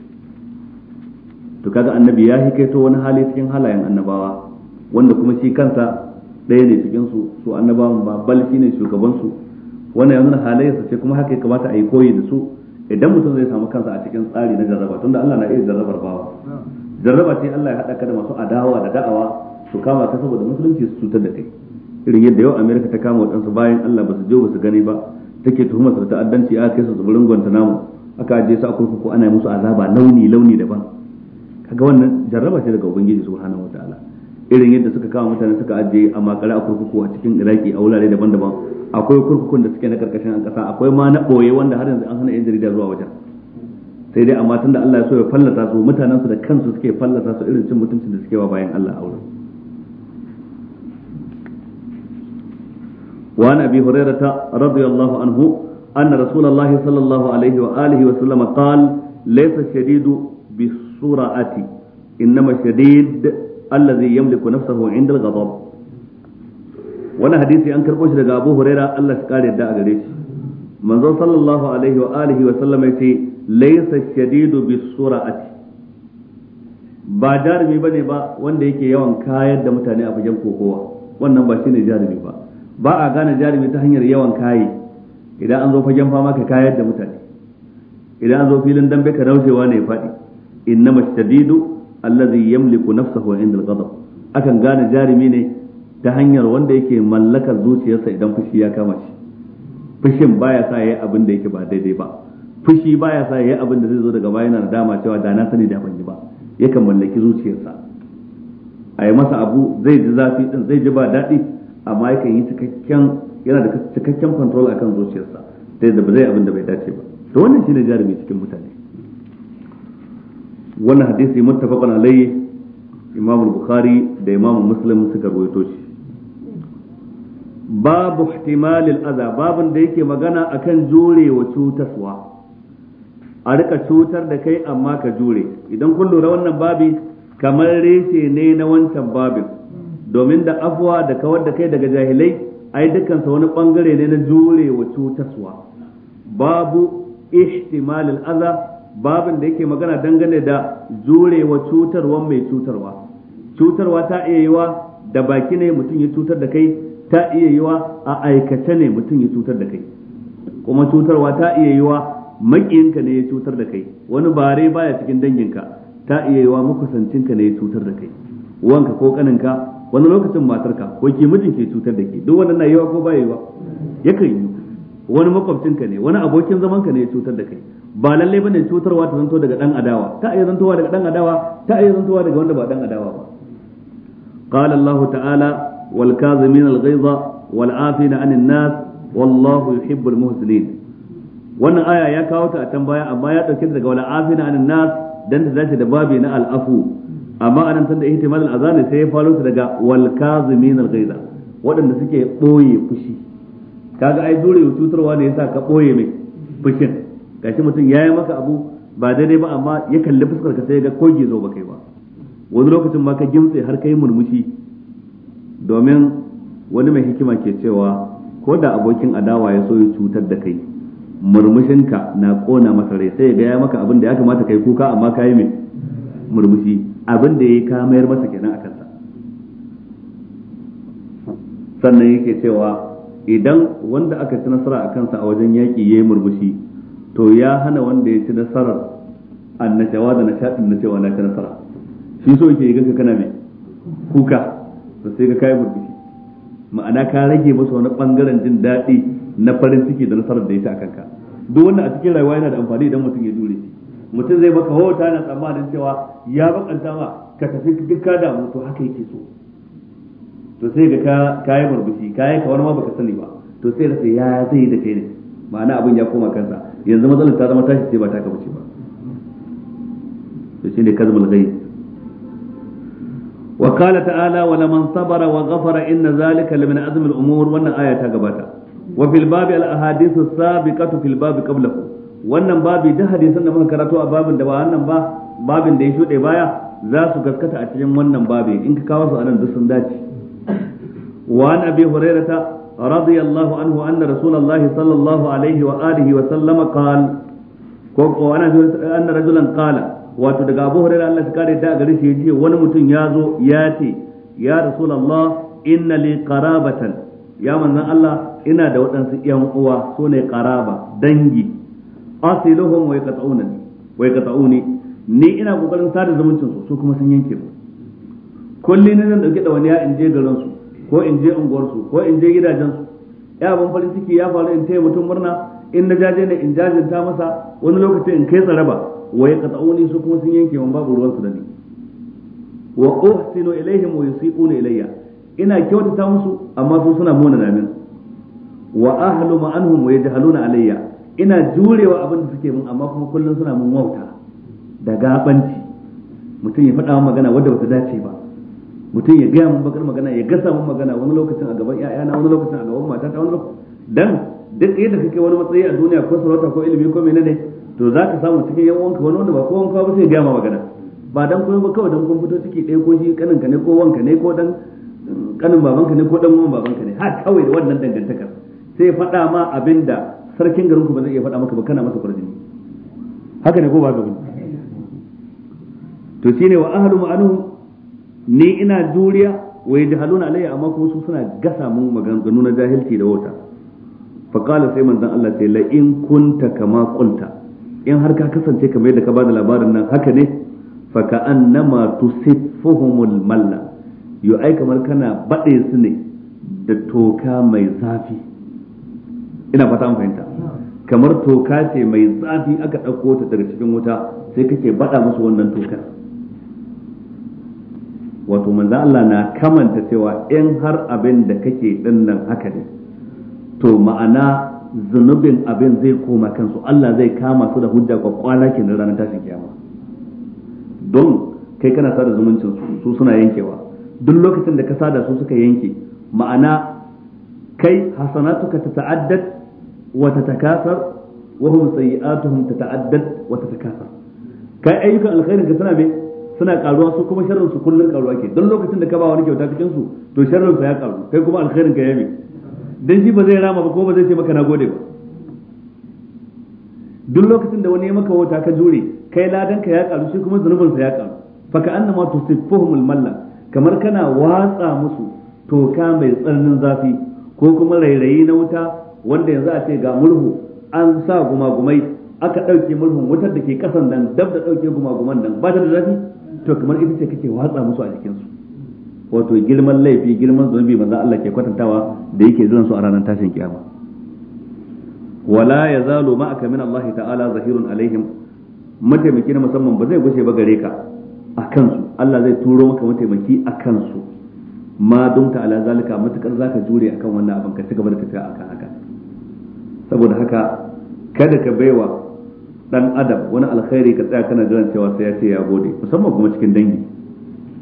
to kaga annabi ya hikaito wani hali cikin halayen annabawa wanda kuma shi kansa ɗaya ne cikin su su annabawan ba bal shine shugaban su wannan yanzu halayensa ce kuma haka ya kamata a yi koyi da su idan mutum zai samu kansa a cikin tsari na jarraba tunda Allah na iya jarrabar bawa jarraba ce Allah ya haɗa ka da masu adawa da da'awa su kama ka saboda musulunci su cutar da kai irin yadda yau Amerika ta kama waɗansu bayan Allah ba su je ba su gani ba take tuhumar sa da ta'addanci a kai su gwanta namu aka aje su a kurkuku ana musu azaba launi launi daban kaga wannan jarraba ce daga ubangiji subhanahu wataala irin yadda suka kama mutane suka aje a makare a kurkuku a cikin Iraki a wurare daban-daban akwai kurkukun da suke na karkashin ƙasa akwai ma na boye wanda har yanzu an hana yan jarida zuwa wajen sai dai amma tunda Allah ya so ya fallata su mutanen su da kansu suke fallata su irin cin mutuncin da suke wa bayan Allah a wurin وعن أبي هريرة رضي الله عنه أن رسول الله صلى الله عليه وآله وسلم قال ليس الشديد بالسرعة إنما الشديد الذي يملك نفسه عند الغضب وانا حديثي أنكر قوش لك أبو هريرة الله شكال يدعى قريش منظر صلى الله عليه وآله وسلم يتي ليس الشديد بالسرعة ba jarumi bane ba wanda yake yawan kayar da mutane a fagen kokowa wannan ba shine jarumi ba ba a gane jarumi ta hanyar yawan kaye idan an zo fagen fama ka kayar da mutane idan an zo filin dambe ka raushewa ne ya faɗi innama yamli allazi yamliku nafsahu inda al-ghadab akan gane jarumi ne ta hanyar wanda yake mallakar zuciyarsa idan fushi ya kama shi fushin baya sa yayi abin da yake ba daidai ba fushi baya sa yayi abin da zai zo daga baya yana dama cewa da na sani da ban yi ba yakan mallaki zuciyarsa a yi masa abu zai ji zafi din zai ji ba daɗi amma yakan yi cikakken yana da cikakken control akan zuciyarsa sai da ba zai abin da bai dace ba to wannan shine jarumi cikin mutane wannan hadisi muttafaqan alayhi imam bukhari da imam muslim suka rawaito shi babu ihtimalil adha babun da yake magana akan jurewa cutarwa a rika cutar da kai amma ka jure idan kun lura wannan babi kamar reshe ne na wancan babin domin da afwa da kawar da kai daga jahilai ai dukkansa wani bangare ne na jurewa cutaswa babu ihtimal al-adha babin da yake magana dangane da jurewa cutarwa mai cutarwa cutarwa ta iya yiwa da baki ne mutum ya cutar da kai ta iya yiwa a aikace ne mutum ya cutar da kai kuma cutarwa ta iya yiwa makiyinka ne ya cutar da kai wani bare baya cikin danginka ta iya yiwa makusancinka ne ya cutar da kai wanka ko kaninka wani lokacin matarka ko ke mijin ke cutar da ke duk wannan na yawa ko baya yawa yakan yi wani makwabcinka ne wani abokin zaman ka ne ya cutar da kai ba lallai bane cutarwa ta zanto daga dan adawa ta iya zantowa daga dan adawa ta iya zantowa daga wanda ba dan adawa ba qala allah ta'ala wal kazimin al ghaiza wal afina anin nas wallahu yuhibbul muhsinin wannan aya ya kawo ta a can baya amma ya dauke daga wal afina anin nas dan ta dace da babi na al'afu. amma anan san da ihtimal al-azani sai ya faro su daga wal kazimin al-ghaiza waɗanda suke boye fushi kaga ai dole cutarwa ne yasa ka boye mai fushin gashi mutum yayi maka abu ba daidai ba amma ya kalli fuskar ka sai ga ko gizo ba kai ba wani lokacin ma ka gimtse har kai murmushi domin wani mai hikima ke cewa ko da abokin adawa ya so ya cutar da kai murmushinka na kona masa rai sai ga ya maka abin da ya kamata kai kuka amma kai mai murmushi abin da ya yi mayar masa kenan a kansa sannan yake cewa idan wanda aka ci nasara a kansa a wajen yaki yi murmushi to ya hana wanda ya ci nasarar annashawa da shaɗin na cewa na ci nasara shi so yake ganka kana mai kuka to sai ka kai murmushi ma'ana ka rage masa wani bangaren jin daɗi na farin ciki da nasarar da ya ci a kanka duk wanda a cikin rayuwa yana da amfani idan mutum ya jure shi mutum zai maka hota na tsammanin cewa ya bakanta ma ka tafi duk ka damu to haka yake so to sai ga ka yi murmushi ka yi ka kawar ma baka sani ba to sai rasa ya zai yi da kai ne ma'ana abin ya koma kansa yanzu matsalar ta zama tashi sai ba ta ka ba to ne kazmul ghaib wa qala ta'ala wa laman sabara wa ghafara inna zalika lamin azm al-umur wannan aya ta gabata wa fil babi al ahadithu sabiqatu fil babi qablahu wannan babi duk hadisan da muka karatu a babin da ba wannan ba babin da ya shuɗe baya za su gaskata a cikin wannan babi in ka kawo su a nan duk sun dace wa an abi hurairata radiyallahu anhu anna rasulullahi sallallahu alaihi wa alihi wa sallama qala ko ko ana anna rajulan qala wato daga abu hurairah Allah ya kare da gari shi yace wani mutum ya zo ya ce ya rasulullah inna li qarabatan ya manzon Allah ina da waɗansu ƴan uwa sune qaraba dangi asiluhum wa yaqta'una wa yaqta'uni ni ina kokarin sada zumuncin su su kuma sun yanke mu kulli ne zan dauke da wani ya in je garin su ko in je unguwar su ko in je gidajen su ya ban farin ciki ya faru in taya mutum murna in na jaje ne in jajinta masa wani lokaci in kai tsaraba wa yaqta'uni su kuma sun yanke mun babu ruwan su da ni wa uhsinu ilaihim wa yusiquna ilayya ina kyautata musu amma su suna mona namin wa ahlu ma anhum wa yajhaluna alayya ina jurewa abin da suke mun amma kuma kullum suna mun wauta da gabanci mutum ya faɗa magana wadda bata dace ba mutum ya gaya mun bakar magana ya gasa mun magana wani lokacin a gaban ƴaƴana wani lokacin a gaban matata wani lokacin dan duk yadda kake wani matsayi a duniya ko sarauta ko ilimi ko menene to za ka samu cikin yan wanka wani wanda ba ko wanka ba sai gaya ma magana ba dan kuma ba kawai dan kun fito ciki ɗaya ko shi kanin ka ne ko wanka ne ko dan kanin mm, babanka ne ko dan uwan babanka ne har kawai da wannan dangantakar sai faɗa ma abinda sarkin garin ku ba zai iya faɗa maka ba kana masa farjini haka ne ko ba gaban to shine wa ahlu ma'anu ni ina juriya wa yajhaluna alayya amma kuma su suna gasa mun maganganu nuna jahilci da wata fa qala sai manzon Allah sai la in kunta kama qulta in har ka kasance kamar yadda ka bada labarin nan haka ne fa ka annama tusifuhumul malla yu ai kamar kana bade su ne da toka mai zafi ina fata an fahimta kamar toka ce mai zafi aka ɗauko ta daga cikin wuta sai kake baɗa musu wannan tokar wato manzan Allah na kamanta cewa in har abin da kake ɗin nan haka ne to ma'ana zunubin abin zai koma kansu Allah zai kama su da hujja kwakwana ke ranar tashin kiyama don kai kana sada zumuncin su suna yankewa duk lokacin da ka sada su suka yanke ma'ana kai hasanatuka ta ta'addad وتتكاثر وهم سيئاتهم تتعدد وتتكاثر كاي ايوكا الخير ka suna me suna karuwa su kuma sharrin su kullun karuwa ke don lokacin da ka ba wani kyauta cikin su to sharrin sa ya karu kai kuma alkhairin ka yayi dan shi ba zai rama ba ko ba zai ce maka nagode ba duk lokacin da wani ya maka wata ka jure kai ladan ka ya karu shi kuma zanubin sa ya karu fa ka annama tusifuhumul malla kamar kana watsa musu toka mai tsananin zafi ko kuma rairayi na wuta wanda yanzu a ce ga murhu an sa gumagumai aka ɗauke murhun wutar da ke ƙasan nan dab da ɗauke gumaguman nan ba ta da zafi to kamar ita ce kake watsa musu a jikinsu wato girman laifi girman zunubi manzo Allah ke kwatantawa da yake jiran su a ranar tashin kiyama wala yazalu ma'aka min Allah ta'ala zahirun alaihim mataimaki na musamman ba zai gushe ba gare ka a kansu Allah zai turo maka mataimaki a kansu ma dumta ala zalika matukar zaka jure akan wannan abin ka cigaba da tafiya akan haka saboda haka kada ka baiwa dan adam wani alkhairi ka tsaya kana jiran cewa sai ya ce ya gode musamman kuma cikin dangi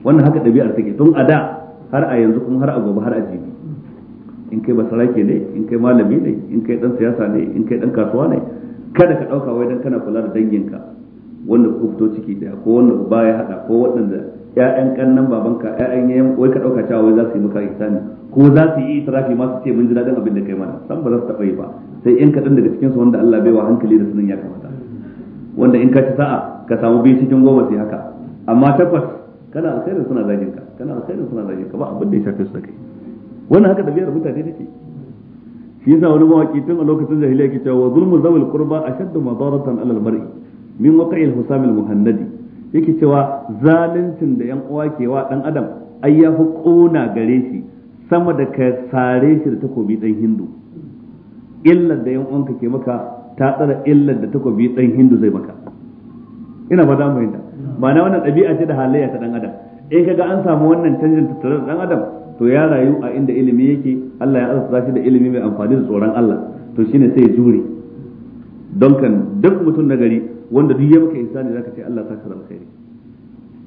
wannan haka ɗabi'ar take tun a da har a yanzu kuma har a gobe har a jibi in kai basarake ne in kai malami ne in kai dan siyasa ne in kai dan kasuwa ne kada ka ɗauka wai dan kana kula da danginka wanda ku fito ciki daya ko wanda ku ya haɗa ko waɗanda ƴaƴan kannan babanka ƴaƴan yayan wai ka ɗauka cewa wai za su yi maka ihsani ko za su yi itirafi ma su ce mun ji daɗin abin da kai mana san ba za su taɓa yi ba sai yan kaɗan daga cikinsu wanda Allah bai wa hankali da sunan ya kamata wanda in ka ci sa'a ka samu biyu cikin goma sai haka amma tabbas kana alkhairin suna zagin ka kana alkhairin suna zagin ka ba abin da ya shafe su da kai wannan haka ɗabi'ar mutane take shi yasa wani mawaki tun a lokacin jahiliya ke cewa zulmu zawil qurba ashaddu madaratan alal mar'i min waqi'il husam al muhannadi yake cewa zaluncin da yan uwa ke wa dan adam ai yafi kona gare shi sama da ka sare shi da takobi dan hindu illar da yan uwanka ke maka ta tsara illar da takobi dan hindu zai maka ina ba za mu yi ba wannan ɗabi'a ce da halayya ta dan adam in kaga an samu wannan canjin tattare da dan adam to ya rayu a inda ilimi yake Allah ya azurta shi da ilimi mai amfani da tsoron Allah to shine sai ya jure don kan duk mutum nagari wanda duk ya maka ihsani zaka ce Allah saka da alkhairi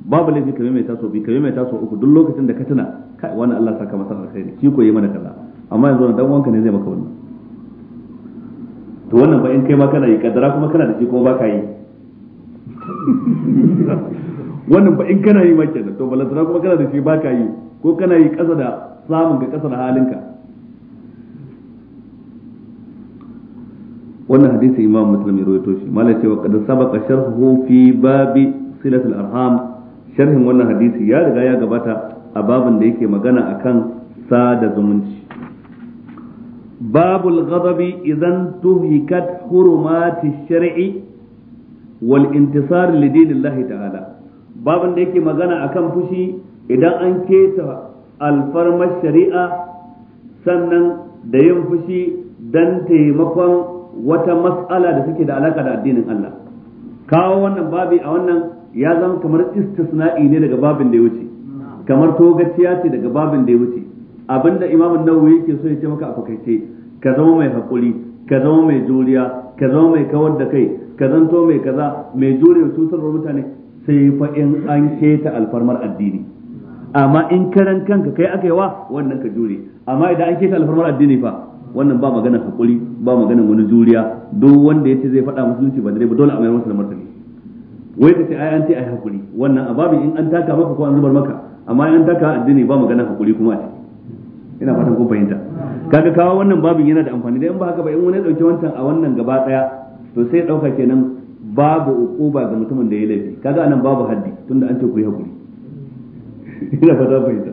babu laifi ka maimaita so bi ka maimaita so uku duk lokacin da ka tuna kai wani Allah saka masa alkhairi shi ko yi mana kaza amma yanzu dan wanka ne zai maka wannan to wannan ba in kai ma kana yi kadara kuma kana da shi kuma baka yi <laughs> wannan ba in kana yi ma kenan to balantana kuma kana da shi baka yi ko kana yi kasa da samun ka kasa da halinka wannan hadisi imam muslim ya rawaito shi malai cewa qad sabaqa sharhu fi babi silatul arham sharhin wannan hadisi ya riga ya gabata a babin da yake magana akan sada zumunci babul ghadabi idan tuhikat hurumati shar'i wal intisar li dinillahi ta'ala babin da yake magana akan fushi idan an keta alfarmar shari'a sannan da yin fushi dan taimakon wata mas'ala da suke da alaka da addinin Allah kawo wannan babi a wannan ya zama kamar istisna'i ne daga babin da ya wuce kamar togaciya ce daga babin da ya wuce abinda imam nawawi yake so ya ce maka a fakaice ka zama mai hakuri ka zama mai juriya ka zama mai kawar da kai ka zanto mai kaza mai jure cutarwar mutane sai fa in an keta alfarmar addini amma in karan kanka kai aka wa wannan ka jure amma idan an keta alfarmar addini fa wannan ba magana hakuri ba magana wani juriya duk wanda ya ce zai faɗa musulunci ba dare ba dole a mayar masa da martani wai ta ce ai an ce ai hakuri wannan a babu in an taka maka ko an zubar maka amma in an taka addini ba magana hakuri kuma ce ina fatan kun fahimta kaga kawo wannan babin yana da amfani da in ba haka ba in wani dauke wancan a wannan gaba daya to sai dauka kenan babu ukuba ga mutumin da ya laifi kaga anan babu haddi tunda an ce ku yi hakuri <laughs> ina fatan fahimta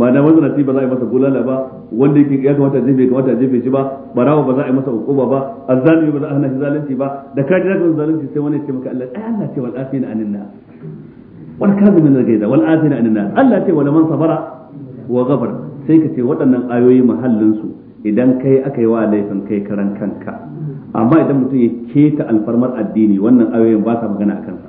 ba na wannan nasiba ba za a yi masa bulala ba wanda yake ya kamata bai kamata a bai shi ba barawa ba za a yi masa hukuma ba azzalimi ba za a hana shi zalunci ba da ka ji zaka zalunci sai wani ya ce maka Allah ai Allah ce wal afina anin nas wal kazimin al gaiza wal afina anin nas Allah ce wal man sabara wa ghafar sai ka ce waɗannan ayoyi mahallin su idan kai aka yi wa laifin kai karan kanka amma idan mutum ya keta alfarmar addini wannan ayoyin ba sa magana akan sa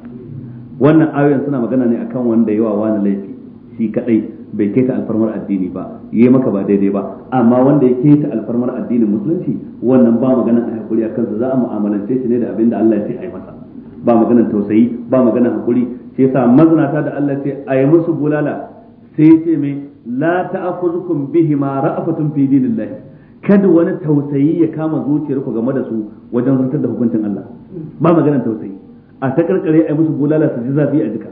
wannan ayoyin suna magana ne akan wanda yawa wani laifi shi kadai bai keta alfarmar addini ba yayi maka ba daidai ba amma wanda ya keta alfarmar addinin musulunci wannan ba magana a hakuri a kansa za a mu'amalance shi ne da abin da Allah ya ce a yi masa ba magana tausayi ba magana hakuri shi yasa mazinata da Allah ce a yi musu bulala sai ce mai la ta'khudhukum bihima ra'afatun fi dinillah kada wani tausayi ya kama zuciyar ku game da su wajen zartar da hukuncin Allah ba magana tausayi a ta karkare a yi musu bulala su ji zafi a jika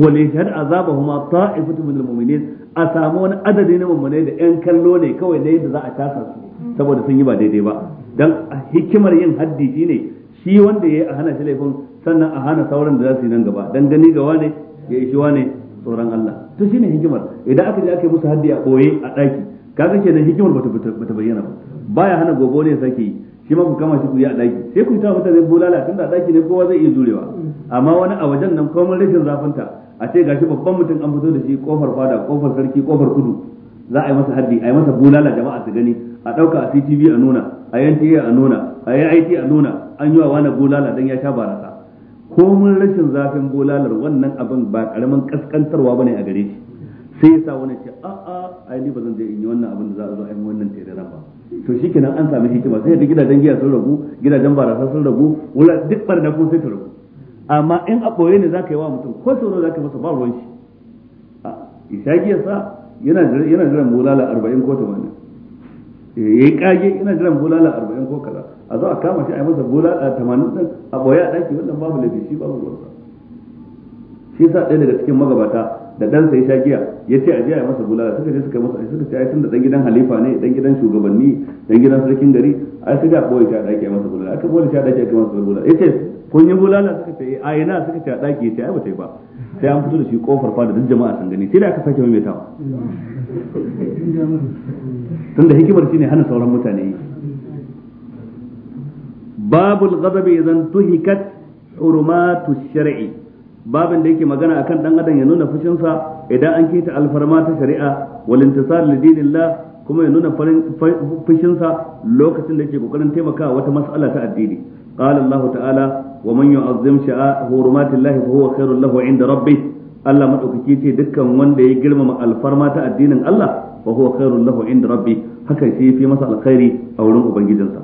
wal yashhad azabahuma ta'ifatu min almu'minin a samu wani adadi na mummune da yan kallo ne kawai da yadda za a tasa su saboda sun yi ba daidai ba dan hikimar yin haddi ne shi wanda yi a hana shi laifin sannan a hana sauran da za su yi nan gaba dan gani ga wane ya ishi wane tsoron Allah to shine hikimar idan aka je aka musu haddi a koye a daki kaga kenan hikimar bata bata bayyana ba baya hana gobe ne sake yi shi ma ku kama shi ku yi a daki sai ku ta mutane bulala tun a daki ne kowa zai iya jurewa amma wani a wajen nan komai rashin zafinta a ce gashi babban mutum an fito da shi kofar fada kofar sarki kofar kudu za a yi masa haddi a yi masa bulala jama'a su gani a ɗauka a CTV a nuna a yanti a nuna a IT a nuna an yi wa wani bulala dan ya sha barasa ko mun rashin zafin bulalar wannan abin ba karamin kaskantarwa bane a gare shi sai ya sa wani ce a a ai ni ba zan je in yi wannan abin da za a zo a yi wannan teraran ba to shikenan an sami hikima sai da gidajen giya sun ragu gidajen barasa sun ragu wala duk barna ko sai ta ragu amma in a ɓoye ne za ka yi wa mutum ko sauro za ka masa ba ruwan shi ishaqiyarsa yana yana jiran bulala arba'in ko tamanin ya yi kage yana jiran bulala arba'in ko kaza a zo a kama shi a yi masa bulala tamanin ɗin a ɓoye a ɗaki wannan babu laifi shi babu ruwansa shi sa ɗaya daga cikin magabata da ɗan ya sha ya ce a a yi masa bulala suka je suka masa suka ce ai da ɗan gidan halifa ne ɗan gidan shugabanni ɗan gidan sarkin gari ai suka ɓoye shi a ɗaki a masa bulala aka ɓoye shi a ɗaki yi masa bulala yace kun yi bulala suka ce eh, a ina suka ce a daki ya ce ai ba ta yi ba sai an fito da shi kofar fada duk jama'a sun gani sai da aka sake maimaitawa tunda hikimar shine hana sauran mutane yi babul ghadabi idan tuhikat urumatu shar'i babin da yake magana akan dan adam ya nuna fushinsa idan an keta alfarma ta shari'a wal intisar li dinillah kuma ya nuna fushinsa lokacin da yake kokarin taimakawa wata mas'ala ta addini qala ta'ala wa manyan yu'azzim sha'a hurumatillahi fa huwa khairul lahu Allah madaukaki ce dukkan wanda ya girmama alfarma ta addinin Allah fa huwa khairul lahu 'inda rabbih haka sai fi masa alkhairi a wurin ubangijinsa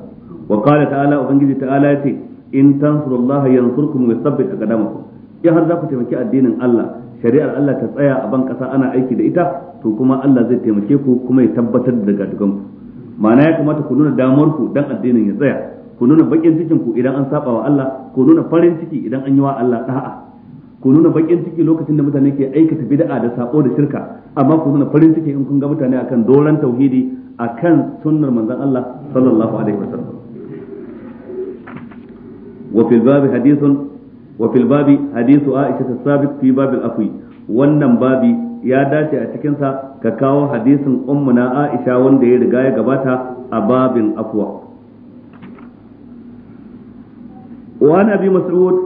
wa qala ta'ala ubangiji ta'ala ya ce in tansurullaha yansurkum wa yuthabbit aqdamakum in har za ku taimaki addinin Allah shari'ar Allah ta tsaya a ban kasa ana aiki da ita to kuma Allah zai taimake ku kuma ya tabbatar da gadigan ku ma'ana ya kamata ku nuna damar ku dan addinin ya tsaya ku nuna bakin cikin ku idan an saba wa Allah ku nuna farin ciki idan an yi wa Allah da'a ku nuna bakin ciki lokacin da mutane ke aikata bid'a da sako da shirka amma ku nuna farin ciki in kun ga mutane akan doran tauhidi akan sunnar manzon Allah sallallahu alaihi wasallam wa fil babi hadithun wa fil babi hadithu Aisha as-sabiq fi babil afwi wannan babi ya dace a cikin sa ka kawo hadisin na Aisha wanda ya riga ya gabata a babin afwa وعن أبي مسعود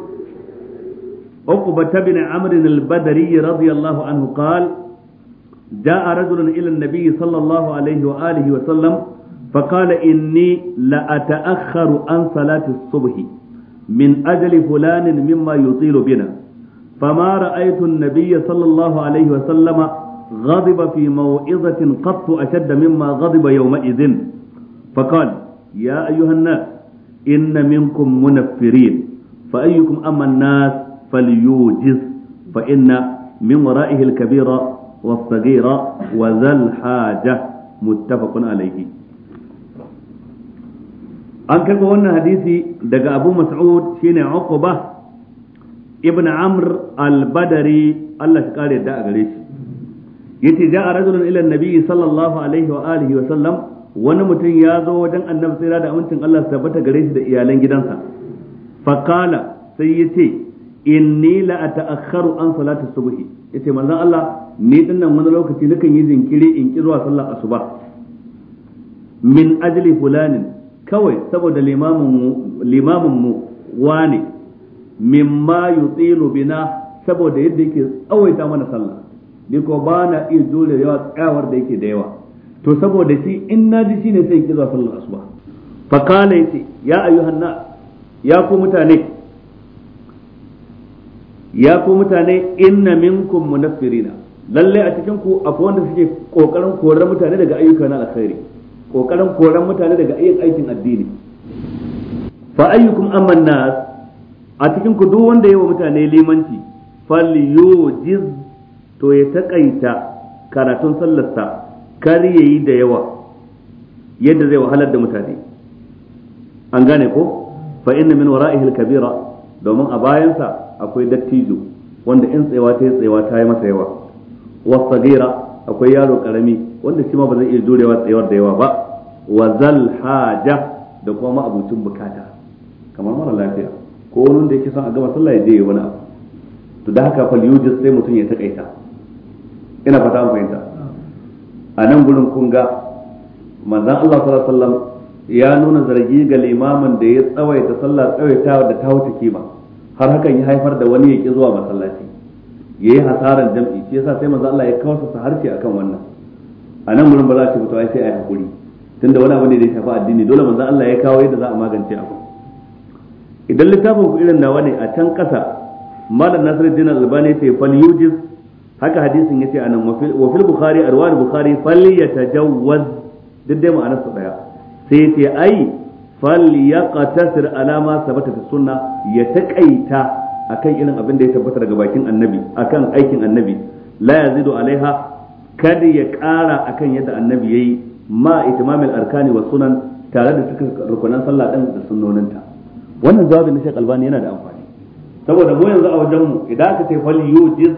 عقبة بن عمرو البدري رضي الله عنه قال جاء رجل إلى النبي صلى الله عليه وآله وسلم فقال إني لأتأخر عن صلاة الصبح من أجل فلان مما يطيل بنا فما رأيت النبي صلى الله عليه وسلم غضب في موعظة قط أشد مما غضب يومئذ فقال يا أيها الناس inna minkum munaffirin fa ayyukum amma an min wara'ihi al-kabira was-saghira wa zal haja muttafaqun alayhi an karɓi wannan hadisi daga abu mas'ud shine uqba ibn amr albadari Allah shi kare da a gare shi yace ja'a rajulun ila an sallallahu alaihi wa sallam wani mutum ya zo wajen annabi tsira da amincin Allah su tabbata gare shi da iyalan gidansa faqala sai ya yace inni la ata'akhkharu an salati subhi yace manzon Allah ni dinnan wani lokaci nakan yi jinkiri in ki zuwa sallar asuba min ajli fulanin kawai saboda limamin mu limamin mu mayu mimma yutilu bina saboda yadda yake tsawaita mana sallah ni bana iya jure yawa tsayawar da yake da yawa to saboda shi in shi shine sai kiza sallar asuba fa kana yace ya ayyuhan nas ya ku mutane ya ku mutane inna minkum munaffirina lalle a cikin ku akwai wanda suke kokarin korar mutane daga ayyuka na alkhairi kokarin korar mutane daga yin aikin addini fa ayyukum amman nas a cikin ku duk wanda yawa mutane limanci falyujiz to ya takaita karatun sallarsa kar yayi da yawa yadda zai wahalar da mutane an gane ko fa inna min wara'ihi al-kabira domin a bayansa akwai dattijo wanda in tsayawa ta tsayawa ta yi masa yawa wa sagira akwai yaro karami wanda shi ma ba zai iya jurewa tsayawar da yawa ba wa zal haja da kuma ma'abucin bukata kamar mara lafiya ko wani da yake son a gama sallah ya je wani abu to da haka fa liyujis sai mutum ya takaita ina fata an fahimta a nan gurin kun ga manzon Allah sallallahu alaihi wasallam ya nuna zargi ga limamin da ya tsawaita sallah tsawaita da ta wuce kima har hakan ya haifar da wani ya zuwa masallaci yayi hasaran jam'i shi yasa sai manzon Allah ya kawarsa sa harshe akan wannan a nan gurin ba za ta mutuwa sai a yi hakuri tunda wani abu ne da ya shafi addini dole manzon Allah ya kawo yadda za a magance abu idan littafin ku irin nawa ne a can kasa malam nasiruddin albani ce fal yujiz haka hadisin yace anan wa fil bukhari arwar bukhari falli yatajawwaz duk ma'anar su daya sai yace ai falli yaqtasir ala ma sabata fi sunna ya takaita akan irin abin da ya tabbata daga bakin annabi akan aikin annabi la yazidu alaiha kada ya kara akan yadda annabi yayi ma itimamil arkani wa sunan tare da suka rukunan sallah din da sunnoninta wannan jawabin na Sheikh Albani yana da amfani saboda mu yanzu a wajen mu idan aka ce fal yujiz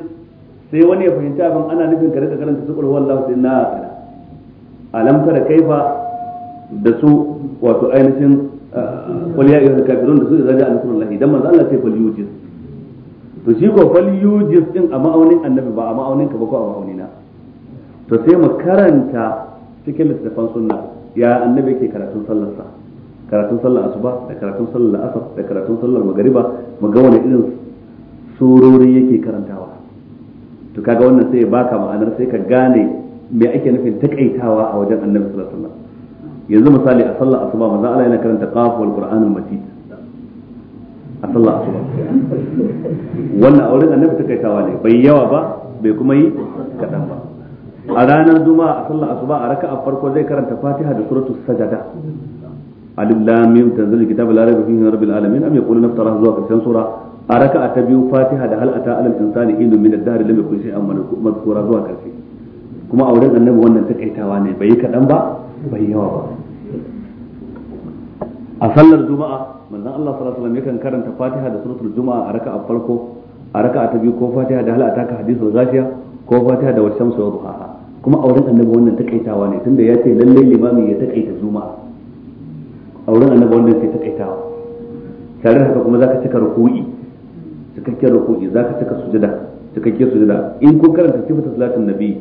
sai wani ya fahimci abin ana nufin ka rika karanta su kulhu wallahu sai na kana alam tara kaifa da su wato ainihin wal ah, ya kafin kafirun da su a nufin lahi dan manzo Allah sai fal yujiz to shi ko fal yujiz din a ma'aunin annabi ba a ma'aunin ka ba ko a ma'aunina to sai mu karanta cikin littafan sunna ya annabi ke karatun sallarsa karatun sallar asuba da karatun sallar asar da karatun sallar magariba mu ga wani irin surori yake karantawa to kaga wannan sai baka ma'anar sai ka gane me ake nufin takaitawa a wajen annabi sallallahu alaihi wasallam yanzu misali a sallar asuba manzo Allah yana karanta qaf wal qur'an al a sallar asuba wannan a wurin annabi takaitawa ne bai yawa ba bai kuma yi kadan ba a ranar juma'a a sallar asuba a raka'a farko zai karanta fatiha da suratu sajada alif lam mim tanzilul kitabu la raiba fihi rabbil alamin am yaquluna iftarahu zuwa karshen sura a raka'a ta biyu fatiha da hal ata alal insani inu min ad-dahr lam yakun shay'an madhkura zuwa karshe kuma a wurin annabi wannan takaitawa ne bai kadan ba bai yawa ba a sallar juma'a manzon Allah sallallahu alaihi wasallam yakan karanta fatiha da suratul juma'a a raka'a farko a raka'a ta biyu ko fatiha da hal ata ka hadithul ghashiya ko fatiha da wasyam su duha kuma a wurin annabi wannan takaitawa ne tunda ya ce lalle limamin ya takaita juma'a a wurin annabi wannan sai takaitawa tare da haka kuma zaka cika ruku'i cikakken ruku'i za ka cika sujada cikakken sujada in kun karanta sifatu salatin nabi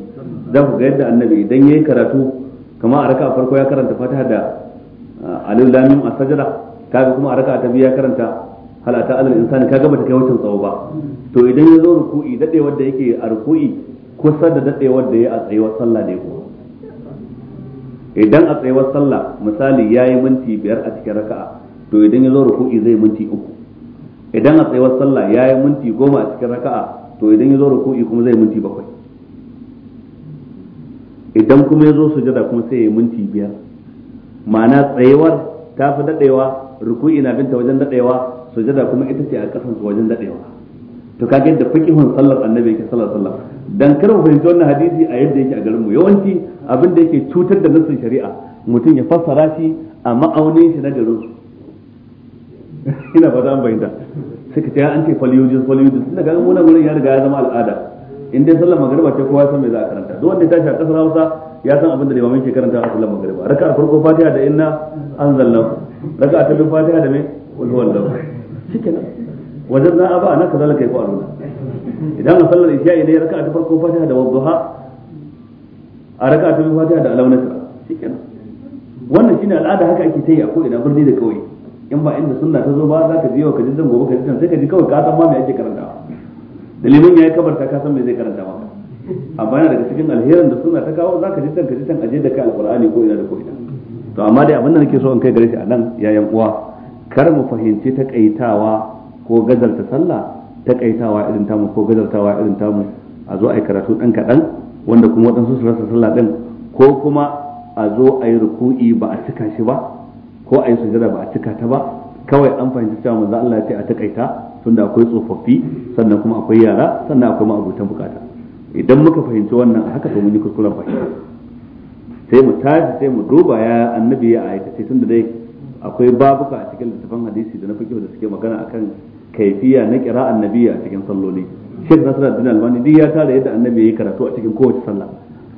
za ku ga yadda annabi idan yayi karatu kama a raka farko ya karanta fatiha da ah, alil lamim a sajada kaga kuma a raka ta biya ya karanta hal ata alal insani kaga bata kai wancan tsawo ba to idan ya zo ruku'i dadewar da yake a ruku'i kusa da dadewar da ya a tsayuwar sallah ne ko idan a tsayuwar sallah misali yayi minti biyar a cikin raka'a to idan ya zo ruku'i zai minti uku idan a tsayuwar sallah ya yi minti goma a cikin raka'a to idan ya zo ruku'i kuma zai minti bakwai idan kuma ya zo sujada kuma sai ya yi minti biyar ma'ana tsayuwar ta fi daɗewa ruku'i na binta wajen daɗewa sujada kuma ita ce a ƙasan su wajen daɗewa to ka ga yadda fiqhun sallar annabi yake sallar sallar dan kar mu fahimci wannan hadisi a yadda yake a garin mu yawanci abin da yake cutar da nassin shari'a mutum ya fassara shi a ma'aunin shi na garin su <laughs> ina fata an bayyana sai ka ce an ce falyujin falyujin tunda ga mun gurin ya riga ya zama al'ada in dai sallar magariba ce kowa san me za a karanta duk wanda ya tashi a kasar Hausa ya san abin da mun ke karanta a sallar magariba a farko Fatiha da inna anzalna raka ta biyu Fatiha da me wal huwallahu shikenan wajen za a ba na kazalika ya fa'aluna idan a sallar isha ne raka ta farko Fatiha da wadduha a raka ta biyu Fatiha da alaunata shikenan wannan shine al'ada haka ake ta yi a ko ina birni da kauye in ba inda sunna ta zo ba za ka je wa ka ji zan gobe ka ji sai ka ji kawai ka san ma me ake karantawa dalilin ya ya kabarta ka san me zai karanta maka amma yana daga cikin alherin da sunna ta kawo za ka ji can ka ji can aje da kai alqur'ani ko ina da ko ina to amma dai abin da nake so in kai gare shi a nan yayan uwa kar mu fahimci kaitawa ko gazarta sallah kaitawa irin tamu ko gazaltawa irin tamu a zo a yi karatu dan dan wanda kuma wadansu su rasa sallah din ko kuma a zo a yi ruku'i ba a cika shi ba ko a yi sujada ba a cika ta ba kawai an fahimci cewa manzo Allah ce a takaita tunda akwai tsofaffi sannan kuma akwai yara sannan akwai ma'abutan bukata idan muka fahimci wannan a haka to mun yi kuskuren fahimta sai mu tashi sai mu duba ya annabi ya aikace tunda dai akwai babuka a cikin littafin hadisi da na fiqh da suke magana akan kaifiya na kira annabi a cikin salloli Sheikh Nasiruddin Albani duk ya tara yadda annabi yayi karatu a cikin kowace sallah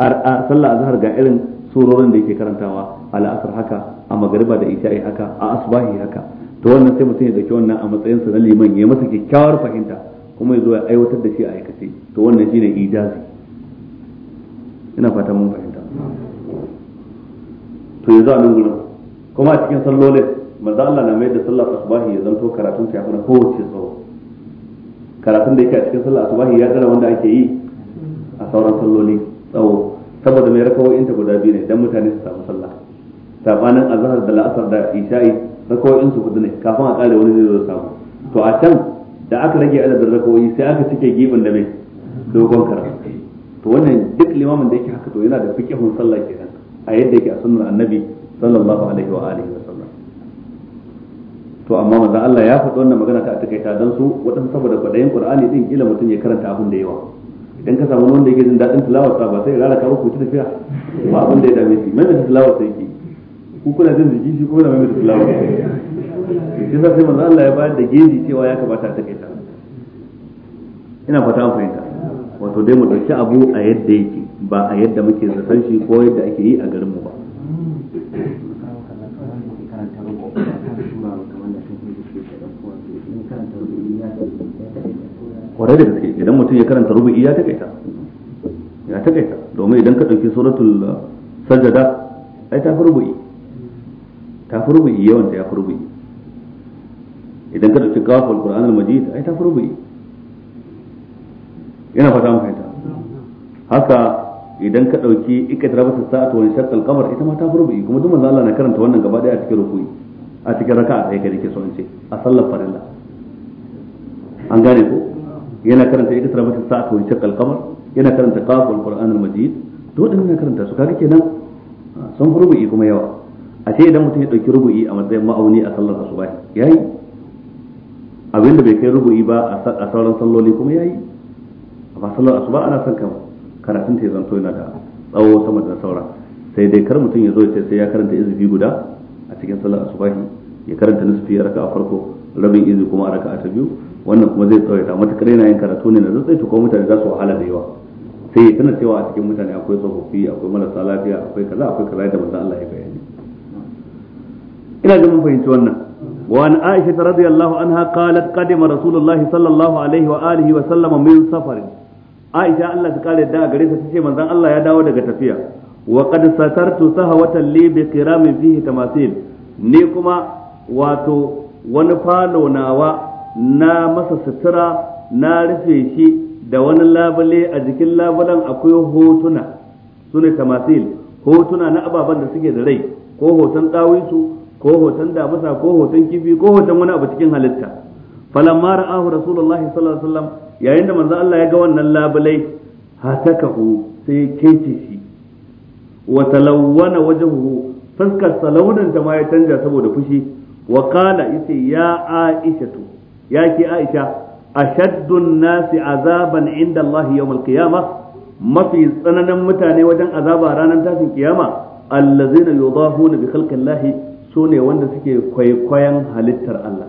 a sallah azhar ga irin surorin da yake karantawa al asr haka a magariba da isha'i haka a asbahi haka to wannan sai mutum ya dauki wannan a matsayin sa na liman ya masa kyakkyawar fahimta kuma ya zo ya aiwatar da shi a aikace to wannan shine ijazi ina fata mun fahimta to yanzu a nan gurin kuma a cikin sallolin manzo Allah na mai da sallar asbahi ya zanto karatun ta yafi na kowace tsawo karatun da yake a cikin sallar asbahi ya gara wanda ake yi a sauran salloli tsawo saboda mai rakawoyin ta guda biyu ne dan mutane su samu sallah sabanin azhar da la'asar da isha'i rakawoyin su hudu ne kafin a kare wani zai zo samu to a can da aka rage adadin rakawai sai aka cike gibin da mai dogon kara to wannan duk limamin da yake haka to yana da fiqhun sallah ke nan a yadda yake a sunnar annabi sallallahu alaihi wa alihi to amma maza Allah ya faɗi wannan magana ta takaita dan su wadan saboda kwadayin Qur'ani din kila mutum ya karanta abin da yawa idan ka samu wanda yake jin dadin tilawar sa ba sai ya rara ka ku tafiya ba abin da ya dame shi mai da tilawar sai yake ku, kuna jin jiki shi kuma da mai lawa shi sa sai manzo Allah ya bayar da geji cewa ya kamata a ta ina fata an fahimta wato dai mu dauki abu a yadda yake ba a yadda muke zaton shi ko yadda ake yi a garin mu ba kwarai da gaske idan mutum ya karanta rubu'i ya takaita ya takaita domin idan ka ɗauki suratul sajada ai ta fi rubu'i ta fi yawan ta ya fi idan ka dauki qur'an al-majid ai ta fi yana fata mun fahimta haka idan ka dauki ikitrabatu sa'atu wa al-qamar ita ma ta fi kuma duk manzo Allah na karanta wannan gaba daya a cikin ruku'i a cikin raka'a sai kai nake so in ce a sallar farilla an gane ko yana karanta ikitrabatu sa'atu wa al-qamar yana karanta qur'an al-majid to din yana karanta su kaga kenan ah, sun fi kuma yawa a ce idan mutum ya ɗauki rubu'i a matsayin ma'auni a sallar asubahi ya yi abinda bai kai rubu'i ba a sauran salloli kuma ya yi A ba sallar asuba ana son kan karatun ta ya zanto yana da tsawo sama da saura sai dai kar mutum ya zo ya ce sai ya karanta izufi guda a cikin sallar asubahi ya karanta nisfi ya raka a farko rabin izu kuma a raka a ta biyu wannan kuma zai tsawaita matuƙar yana yin karatu ne na zai kuma mutane za su wahala da yawa sai ya tana cewa a cikin mutane akwai tsofaffi akwai marasa lafiya akwai kaza akwai kaza da manzo Allah ya bayyana ina ga mun fahimci wannan wa an aisha radiyallahu anha qalat qadima rasulullahi sallallahu alaihi wa alihi wa sallama min safarin aisha Allah ta kare da gare ta ce manzon Allah ya dawo daga tafiya wa qad satartu sahwatan li bi qiramin fihi tamasil ni kuma wato wani falo nawa na masa sutura na rufe shi da wani labule a jikin labulen akwai hotuna su tamasil hotuna na ababen da suke da rai ko hoton ɗawisu ko hoton damusa ko hoton kifi ko hoton wani abu cikin halitta falamma ra'ahu rasulullahi sallallahu alaihi wasallam yayin da manzo Allah ya ga wannan labulai hatakahu sai ya kece shi wa talawwana wajhuhu fuskar salaunin ta ma ya canja saboda fushi wa qala yace ya aisha ya ke aisha ashaddun nasi azaban inda Allah yawmal qiyamah mafi tsananin mutane wajen azaba ranar tashin kiyama allazina yudahuna bi khalqi Allah su ne wanda suke kwaikwayon halittar Allah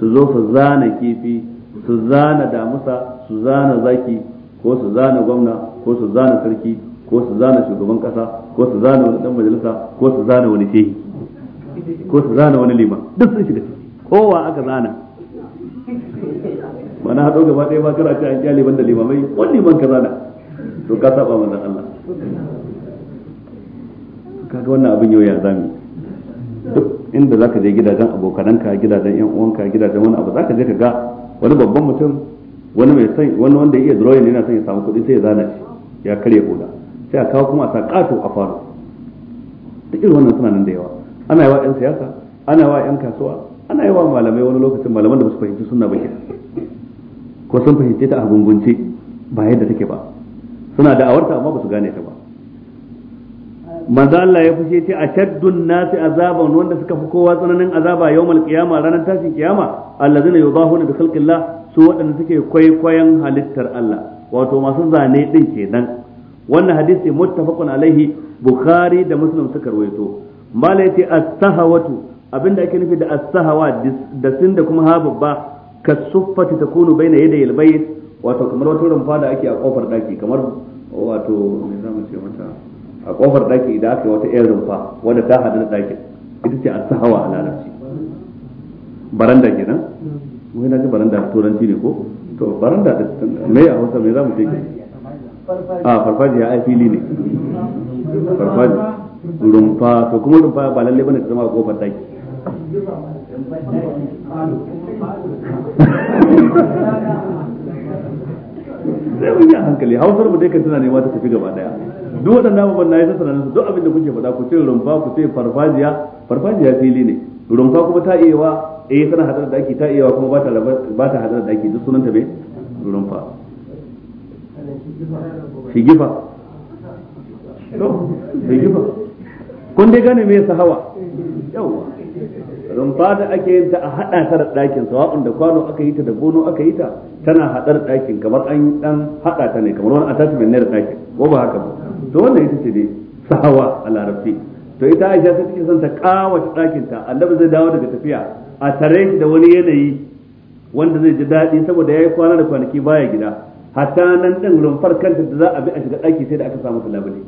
su zo su zana kifi su zana damusa su zana zaki ko su zana gwamna ko su zana sarki ko su zana shugaban kasa ko su zana wani dan majalisa ko su zana wani shehi ko su zana wani liman duk sun shiga ciki kowa aka zana mana haɗo gaba ɗaya ba kana ce an kyale ban da limamai wani liman ka zana to ka saba manzon Allah kaga wannan abin yau ya zami duk inda zaka je gidajen abokananka gidajen yan uwanka gidajen wani abu zaka je ka ga wani babban mutum wani mai sai wani wanda ya drawing yana son ya samu kuɗi sai ya zana shi ya karya hula sai a kawo kuma a sa kato a faru duk irin wannan suna nan da yawa ana yawa yan siyasa ana yawa yan kasuwa ana yawa malamai wani lokacin malaman da ba su fahimci sunna ba ko sun fahimce ta a gungunce ba yadda take ba suna da'awarta amma ba su gane ta manzo Allah ya fushe ce a shaddun nasi azaban wanda suka fi kowa tsananin azaba yawmal qiyama ranar tashin kiyama allazina yudahuna bi khalqillah su waɗanda suke kwaikwayon halittar Allah wato masu zane din kenan wannan hadisi muttafaqun alaihi bukhari da muslim suka rawaito mala yace as-sahawatu abinda ake nufi da as-sahawa da sin da kuma hababba kasuffati takunu baina yadayil bayt wato kamar wata rumfa da ake a kofar daki kamar wato me zamu ce mata a kofar daki idan aka yi wata yan rumfa wanda ta hada da dakin ita ce ta hawa a lalace baranda ke nan hmm. wai na ji baranda turanci ne ko to baranda da me a Hausa me za mu ce a farfajiya a fili ne farfaji rumfa to kuma rumfa ba lalle bane ta zama a kofar daki zai mun yi hankali hausar mu dai ka tana ne wata ta tafi gaba daya duk waɗannan abubuwan na yi ta su duk abin da kuke faɗa ku ce rumfa ku ce farfajiya farfajiya fili ne rumfa kuma ta iya wa eh tana hadar da ake ta iya wa kuma ba ta ba ta hadar da ake duk sunanta be rumfa shigifa to shigifa kun dai gane me hawa yawa rumfa da ake yin ta a hada ta da ɗakin sawa'un da kwano aka yi ta da gono aka yi ta tana haɗar ɗakin kamar an ɗan haɗa ta ne kamar wani attachment ne da ɗakin ko ba haka ba to wannan ita ce dai sahawa a larabci to ita Aisha ta take san ta kawace ɗakin ta annabi zai dawo daga tafiya a tare da wani yanayi wanda zai ji daɗi saboda yayi kwana da kwanaki baya gida hatta nan ɗin rumfar kanta da za a bi a shiga ɗaki sai da aka samu labule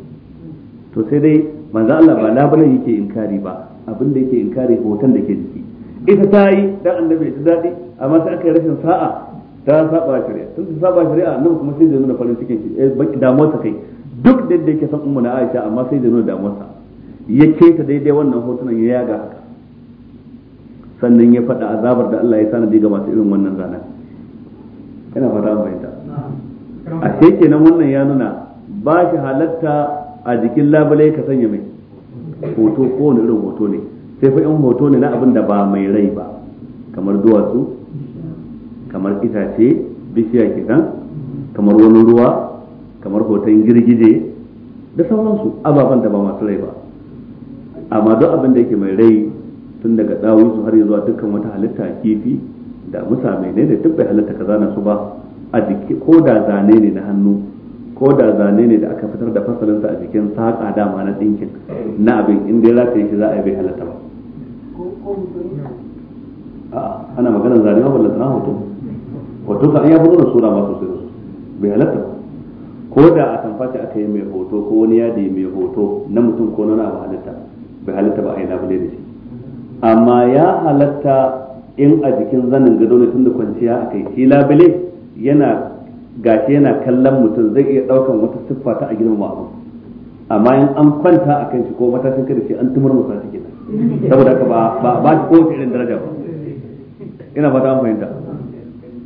to sai dai manzo Allah ba labulen yake inkari ba abin da yake inkari hoton da ke jiki ita ta yi dan annabi ta dadi amma sai aka yi rashin sa'a ta saba shari'a tun ta saba shari'a annabi kuma sai da nuna farin cikin shi eh, damuwar sa kai duk da yake san ummu na Aisha amma sai da nuna damuwar sa ya keta daidai wannan hotunan ya yaga haka sannan ya faɗa azabar da Allah ya sanadi ga masu irin wannan zanen. ina fata bayyana a kenan wannan ya nuna ba shi halatta a jikin labule ka sanya mai hoto kowane irin hoto ne sai fa yan hoto ne na abin da ba mai rai ba kamar duwatsu kamar itace bishiya kitan kamar wani ruwa kamar hoton girgije da sauransu ababen da ba masu rai ba amma duk abin da yake mai rai tun daga dawisu har zuwa dukkan wata halitta kifi da musa mai ne da duk bai halitta kaza na su ba a jiki ko da zane ne na hannu ko da zane ne da aka fitar da fasalinsa a jikin saƙa dama na ɗinkin na abin in dai za ka yi shi za a yi bai halatta ba ana magana zane ba ballantana hoto hoto ka iya fito da sura ba sosai bai halatta ba ko da a tamfaci aka yi mai hoto ko wani yadi mai hoto na mutum ko na ba halitta bai halitta ba a yi labule da shi amma ya halatta in a jikin zanen gado ne tun da kwanciya aka yi shi labule yana gashi yana kallon mutum zai iya daukan wata siffa ta a girmama abu amma in an kwanta a kan shi ko matashin kada shi an tumar musa shi kenan saboda haka ba ba ba ko irin daraja ba ina fata an fahimta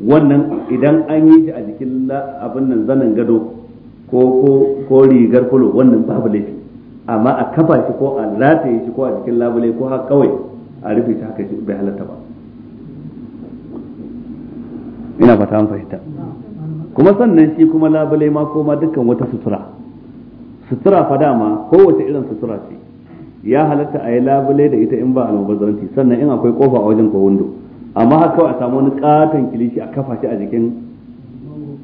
wannan idan an yi shi a jikin abin nan zanen gado ko ko ko rigar kulo wannan babu laifi amma a kafa shi ko a rataye shi ko a jikin labule ko haka kawai a rufe shi haka shi bai halatta ba ina fata an fahimta kuma sannan shi kuma labule ma koma dukkan wata sutura sutura fa dama kowace irin sutura ce ya halatta a yi labule da ita in ba almubazzaranci sannan in akwai kofa a wajen ko wando amma haka kawai a samu wani katon kilishi a kafa shi a jikin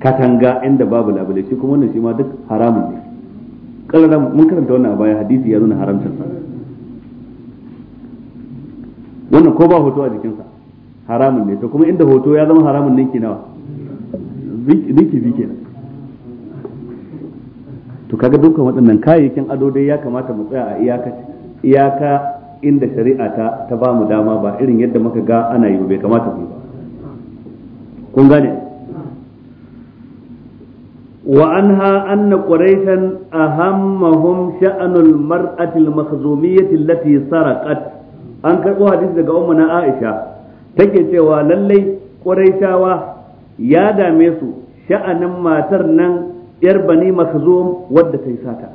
katanga inda babu labule shi kuma wannan shi ma duk haramun ne kallara mun karanta wannan a baya hadisi ya nuna haramcin sa wannan ko ba hoto a jikinsa haramun ne to kuma inda hoto ya zama haramun ninki nawa dinki bi kenan to kaga dukkan waɗannan kayayyakin ado dai ya kamata mu tsaya a iyaka iyaka inda shari'a ta ta ba mu dama ba irin yadda muka ga ana yi bai kamata ku. ba kun gane wa anha anna quraishan ahammahum sha'anul mar'ati al allati an karbo hadisi daga ummu na Aisha take cewa lallai quraishawa ya dame su sha'anin matar nan yar bani makhzum wadda ta yi sata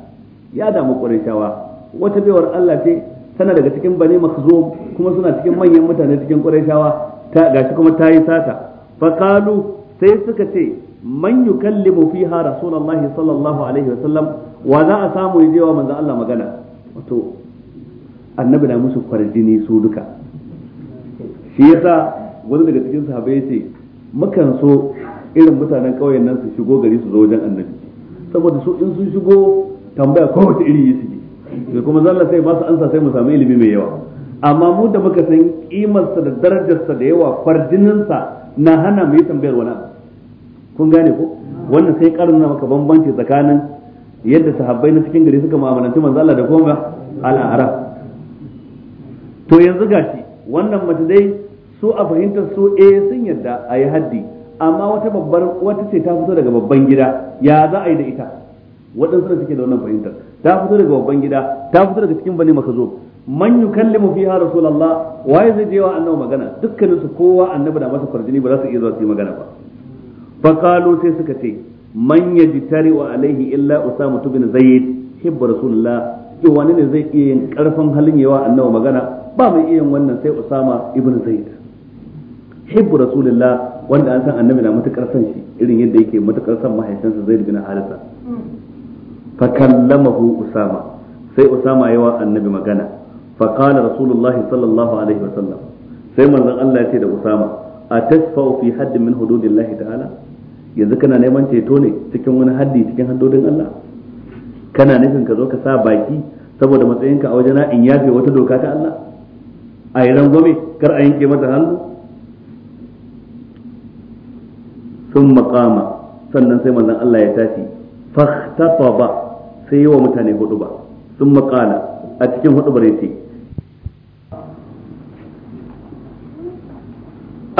ya damu qurayshawa wata baiwar Allah ce tana daga cikin bani makhzum kuma suna cikin manyan mutane cikin qurayshawa ta gashi kuma ta yi sata fa qalu sai suka ce man yukallimu fiha rasulullahi sallallahu alaihi sallam wa za a samu yajewa manzo Allah magana wato annabi na musu kwarjini su duka shi yasa wani daga cikin sahabbai ce mukan so irin mutanen ƙauyen nan su shigo gari su zo wajen annabi saboda su in sun shigo tambaya kowace iri yi suke da kuma zalla sai ba su ansa sai mu samu ilimi mai yawa amma mu da muka san kimarsa da darajarsa da yawa kwarjininsa na hana mu yi tambayar wani kun gane ko wannan sai na maka bambanci tsakanin yadda sahabbai na cikin gari suka mu'amalanci manzo Allah da kuma al'ara to yanzu gashi wannan mace dai su a fahimtar su eh sun yadda a yi haddi amma wata babbar wata ce ta fito daga babban gida ya za a yi da ita waɗansu da suke da wannan fahimtar ta fito daga babban gida ta fito daga cikin bane makazo man yukallimu fiha rasulullah waye zai je wa annabi magana dukkanin su kowa annabi da masa kwarjini ba za su iya zuwa su yi magana ba fa qalu sai suka ce man yajtari wa alaihi illa usama bin zaid hibba rasulullah wani ne zai iya yin karfin halin yawa annabi magana ba mai iya yin wannan sai usama ibn zaid hibbu rasulillah wanda an san annabi na matukar san shi irin yadda yake matukar san mahaifinsa zai bin halisa. fa kallamahu usama sai usama yawa annabi magana fa qala rasulullah sallallahu alaihi wasallam sai manzon Allah ya ce da usama atashfa'u fi hadd min hududillah ta'ala yanzu kana neman ceto ne cikin wani haddi cikin haddodin Allah kana nufin ka zo ka sa baki saboda matsayinka a wajena in yafe wata doka ta Allah a yi rangwame kar a yanke mata hannu sun makama sannan sai manzon Allah ya tashi ba sai yi wa mutane hudu ba sun makala a cikin hudu bare ce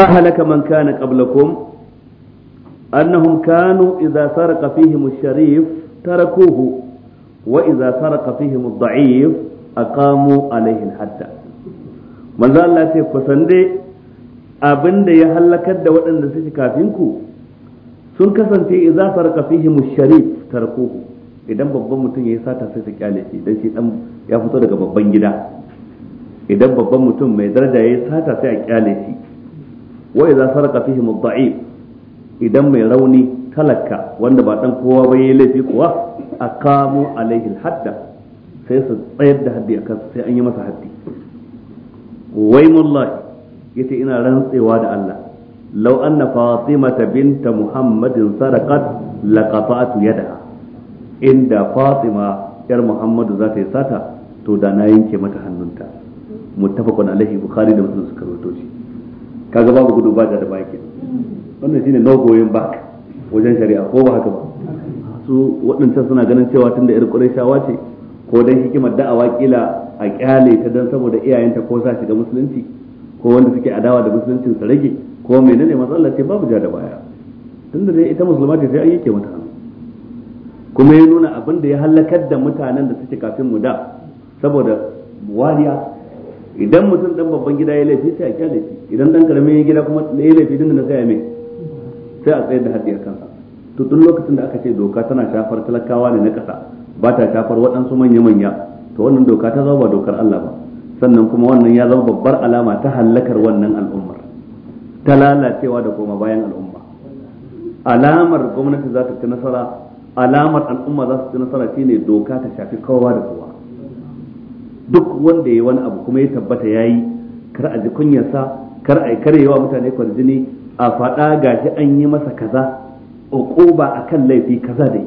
ahalaka man kana qablakum annahum kanu idza sarqa fihim ash-sharif tarakuhu wa idza sarqa fihim ad-da'if aqamu alayhi al-hadda manzo Allah ce ku sande abinda ya halakar da waɗanda suke kafin ku sun kasance idza sarqa fihi musharif tarkuhu idan babban mutum yayi sata sai ta kyale shi dan shi dan ya fito daga babban gida idan babban mutum mai daraja yayi sata sai a kyale shi wa idza sarqa fihi mudda'if idan mai rauni talaka wanda ba dan kowa ba yayi laifi kuwa aqamu alaihi al-hadda sai su tsayar da haddi akan sai an yi masa haddi wai mullahi yace ina rantsewa da Allah لو أن فاطمة بنت محمد سرقت لقطعت يدها إن فاطمة يا محمد ذات ساتا to da na yanke mata hannunta muttafaqun alaihi bukhari da muslim suka قدو shi kaga babu da baki wannan shine no goyen back wajen shari'a ko ba haka ba su waɗancan suna ganin cewa tunda yar shawa ce ko dan hikimar da'awa kila a kyale ta dan saboda iyayenta ko sa shiga musulunci ko wanda suke adawa da musuluncin su rage ko menene matsalar ce babu ja da baya tunda dai ita musulma ce sai an yake mata kuma ya nuna abin da ya halakar da mutanen da suke kafin mu da saboda wariya idan mutum dan babban gida ya laifi sai a kyale shi idan dan karamin gida kuma ya laifi din da sai a mai sai a tsayar da hadiyar kansa to duk lokacin da aka ce doka tana shafar talakawa ne na kasa ba ta shafar waɗansu manya-manya to wannan doka ta zama ba dokar Allah ba sannan kuma wannan ya zama babbar alama ta halakar wannan al'ummar ta lalacewa da koma bayan al'umma alamar gwamnati za ta ci nasara alamar al'umma za su ci nasara shi ne doka ta shafi kowa da kowa duk wanda ya wani abu kuma ya tabbata ya yi kar a ji kunyarsa kar a yi karyewa mutane kwarjini a faɗa gashi an yi masa kaza ba a kan laifi kaza da yi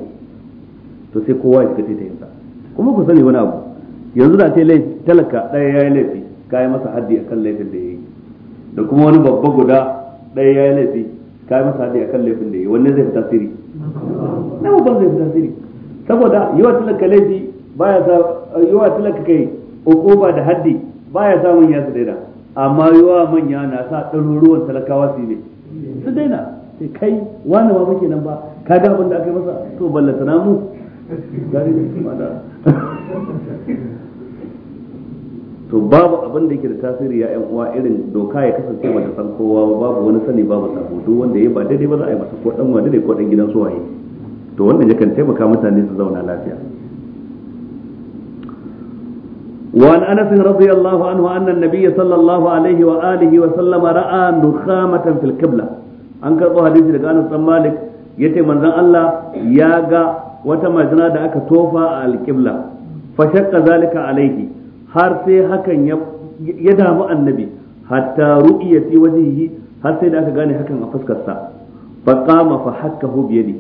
to sai kowa ya fita ta yinsa kuma ku sani wani abu yanzu da ce talaka ɗaya ya yi laifi ka yi masa haddi a kan laifin da ya yi da kuma wani babba guda ɗaya ya yi laifi ka yi masa hadi kan laifin da yi wanne zai fi tasiri na babban zai fi tasiri saboda yawa tilaka laifi ya sa yawa talaka kai ukuba da haddi ya sa manya su daina amma yawa manya na sa ɗaruruwan talakawa su ne su daina sai kai wani ba muke nan ba ka ga abin da aka yi masa to ballata na mu to babu abin da yake da tasiri ya yan uwa irin doka ya kasance ba ta san kowa babu wani sani babu sabo duk wanda ya ba daidai ba za a yi masa ko dan wani ne ko dan gidan su waye to wannan yakan taimaka mutane su zauna lafiya وعن انس رضي الله عنه ان sallallahu alaihi wa alihi wa sallama ra'a, nukhamatan fil qibla an karbo hadisi daga Anas dan Malik yace manzon Allah ya ga wata majina da aka tofa a qibla fa shakka zalika alaihi har sai hakan ya damu annabi hatta ru'iya fi wajhihi har sai da aka gane hakan a fuskarsa fa qama fa hakkahu bi yadi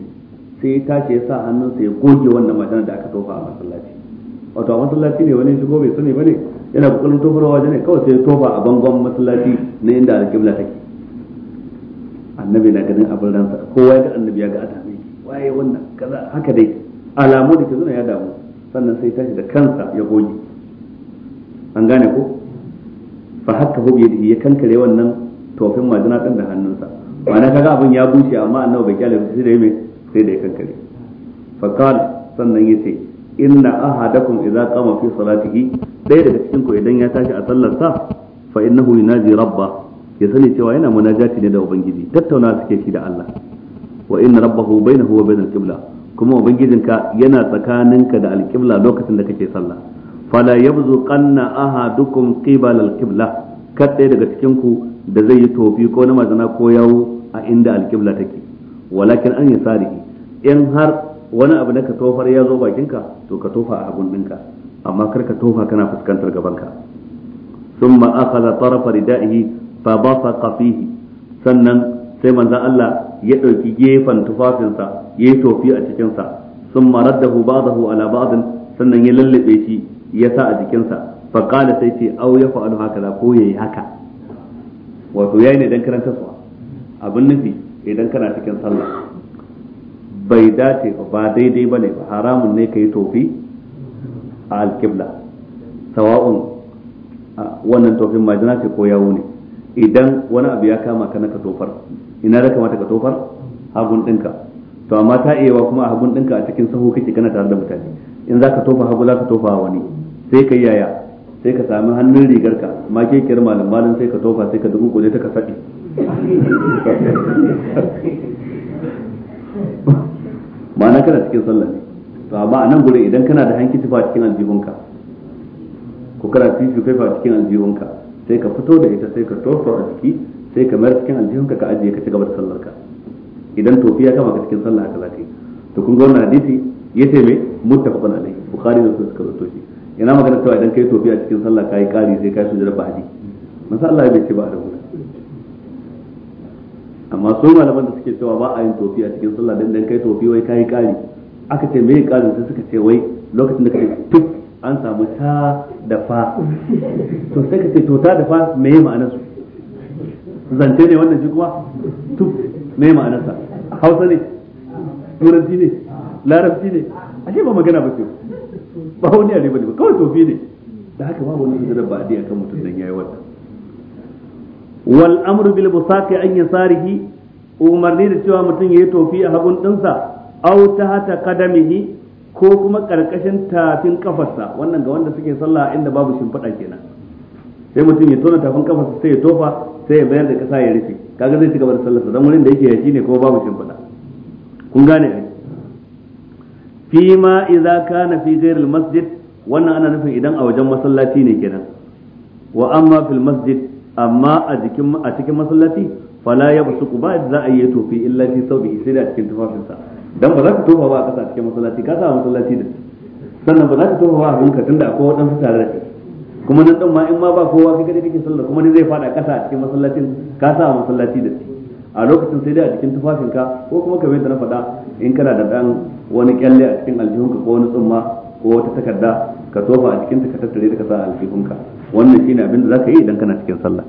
sai ya tashi ya sa hannunsa ya goge wannan matan da aka tofa a masallaci wato a masallaci ne wani shigo bai sani bane yana kokarin tofarwa waje ne kawai sai ya tofa a bangon masallaci na inda alƙibla take annabi na ganin abin ransa kowa ya ga annabi ya ga adami waye wannan kaza haka dai alamu da ke zuna ya damu sannan sai tashi da kansa ya goge an gane ko fa haka hu biyadihi ya kankare wannan tofin majina din da hannunsa ma'ana kaga abin ya bushe amma annabi bai kyale sai da mai sai da ya kankare fa qala sannan yace inna ahadakum idza qama fi salatihi dai daga cikin ku idan ya tashi a sallar sa fa innahu yunaji rabba ya sani cewa yana munajati ne da ubangiji tattauna suke shi da Allah wa inna rabbahu bainahu wa bainal qibla kuma ubangijinka yana tsakaninka da alqibla lokacin da kake sallah fala yabzuqanna ahadukum qibala alqibla qibla kadai daga cikin ku da zai yi tofi ko na mazana ko yawo a inda alkibla take walakin an yasari in har wani abu na ka tofar ya zo bakinka to ka tofa a hagun ɗinka amma kar ka tofa kana fuskantar gabanka sun akhadha tarafa rida'ihi fa basaqa fihi sannan sai manzan Allah ya ɗauki gefen tufafinsa ya yi tofi a cikin sa sun marar da ala ba'd sannan ya lallabe shi ya sa a jikinsa faƙala sai ce au ya fa'alu da ko yayi haka wato yayi ne dan karanta kasuwa abin nufi idan kana cikin sallah bai dace ba daidai bane ba haramun ne kai tofi a alƙibla sawa'un wannan tofin majina ce ko yawo ne idan wani abu ya kama ka na ka tofar ina da kamata ka tofar hagun dinka to amma ta iya kuma a hagun dinka a cikin sahu kake kana tare da mutane in za ka tofa hagu za ka tofa wani sai ka yaya sai ka sami hannun rigarka ma ke kira malam malam sai ka tofa sai ka dubu kuje ta ka faɗi <laughs> ma'ana kana cikin sallah ne to amma a nan gure idan kana da hanki tufa cikin aljihunka ko kana tifi kai fa cikin aljihunka sai ka fito da ita sai ka tofa a ciki sai ka mayar cikin aljihunka ka ajiye ka ci gaba da sallarka idan tofiya kama ka cikin sallah haka za ka yi to kun ga wannan hadisi ya yace me muttafaqun alaihi bukhari da suka rawaito shi ina magana cewa idan kai tofi a cikin sallah kai kari sai kai sujjada ba'di masa Allah bai ce ba da guda amma su malaman da suke cewa ba a yin tofi a cikin sallah dan dan kai tofi wai kai kari aka ce me karin sai suka ce wai lokacin da kai tuk an samu ta da fa to sai ka ce to ta da fa me ma'anar su zance ne wannan shi kuma tuk me ma'anar sa hausa ne turanci ne larabci ne ashe ba magana ba ce ba wani yare ba ne ba kawai tofi ne da haka babu wani da ba a kan mutum dan yayi wannan wal amru bil busaqi an yasarihi umarni da cewa mutum yayi tofi a hagun dinsa aw hata qadamihi ko kuma karkashin tafin kafarsa wannan ga wanda suke sallah inda babu shimfiɗa kenan sai mutum ya tona tafin kafarsa sai ya tofa sai ya bayar da kasa ya rufe kaga zai ci gaba da sallarsa dan wurin da yake yaki ne kuma babu shimfiɗa kun gane fi ma idza kana fi ghairi masjid wannan ana nufin idan a wajen masallaci ne kenan wa amma fil masjid amma a cikin a cikin masallaci fala yabsuqu ba za a yi tofi illa fi sawbi sai da cikin tufafinsa dan ba za ka tofa ba a kasa cikin masallaci ka sa masallaci da sannan ba za ka tofa ba a hunka tunda akwai waɗansu tare da kai kuma nan dan ma in ma ba kowa kai kadai kake sallah kuma ni zai fada kasa a cikin masallacin ka sa masallaci da a lokacin sai dai a cikin tufafinka ko kuma ka bai yadda na faɗa in kana da dan wani kyalle a cikin aljihunka ko wani tsumma ko wata takarda ka tofa a cikin ka tattare da ka sa aljihunka wannan shine abin da zaka yi idan kana cikin sallah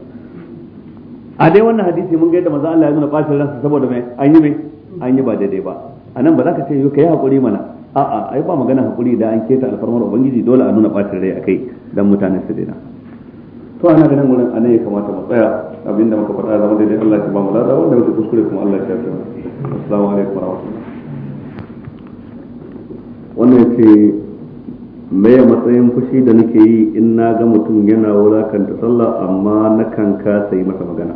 a dai wannan hadisi mun ga yadda manzo Allah ya nuna bashin ransa saboda mai an yi mai an yi ba daidai ba anan ba za ka ce yau kai hakuri mana a'a ai ba magana hakuri da an keta alfarmar ubangiji dole a nuna bashin rai akai dan mutanen su daina to ana ganin gurin anan ya kamata mu tsaya abinda muka faɗa zama daidai Allah ya ba mu lada wanda muke kuskure kuma Allah ya shafe mu assalamu alaikum warahmatullahi wannan ce matsayin fushi da nake yi in na ga mutum yana wulakanta sallah amma na kan kasa yi masa magana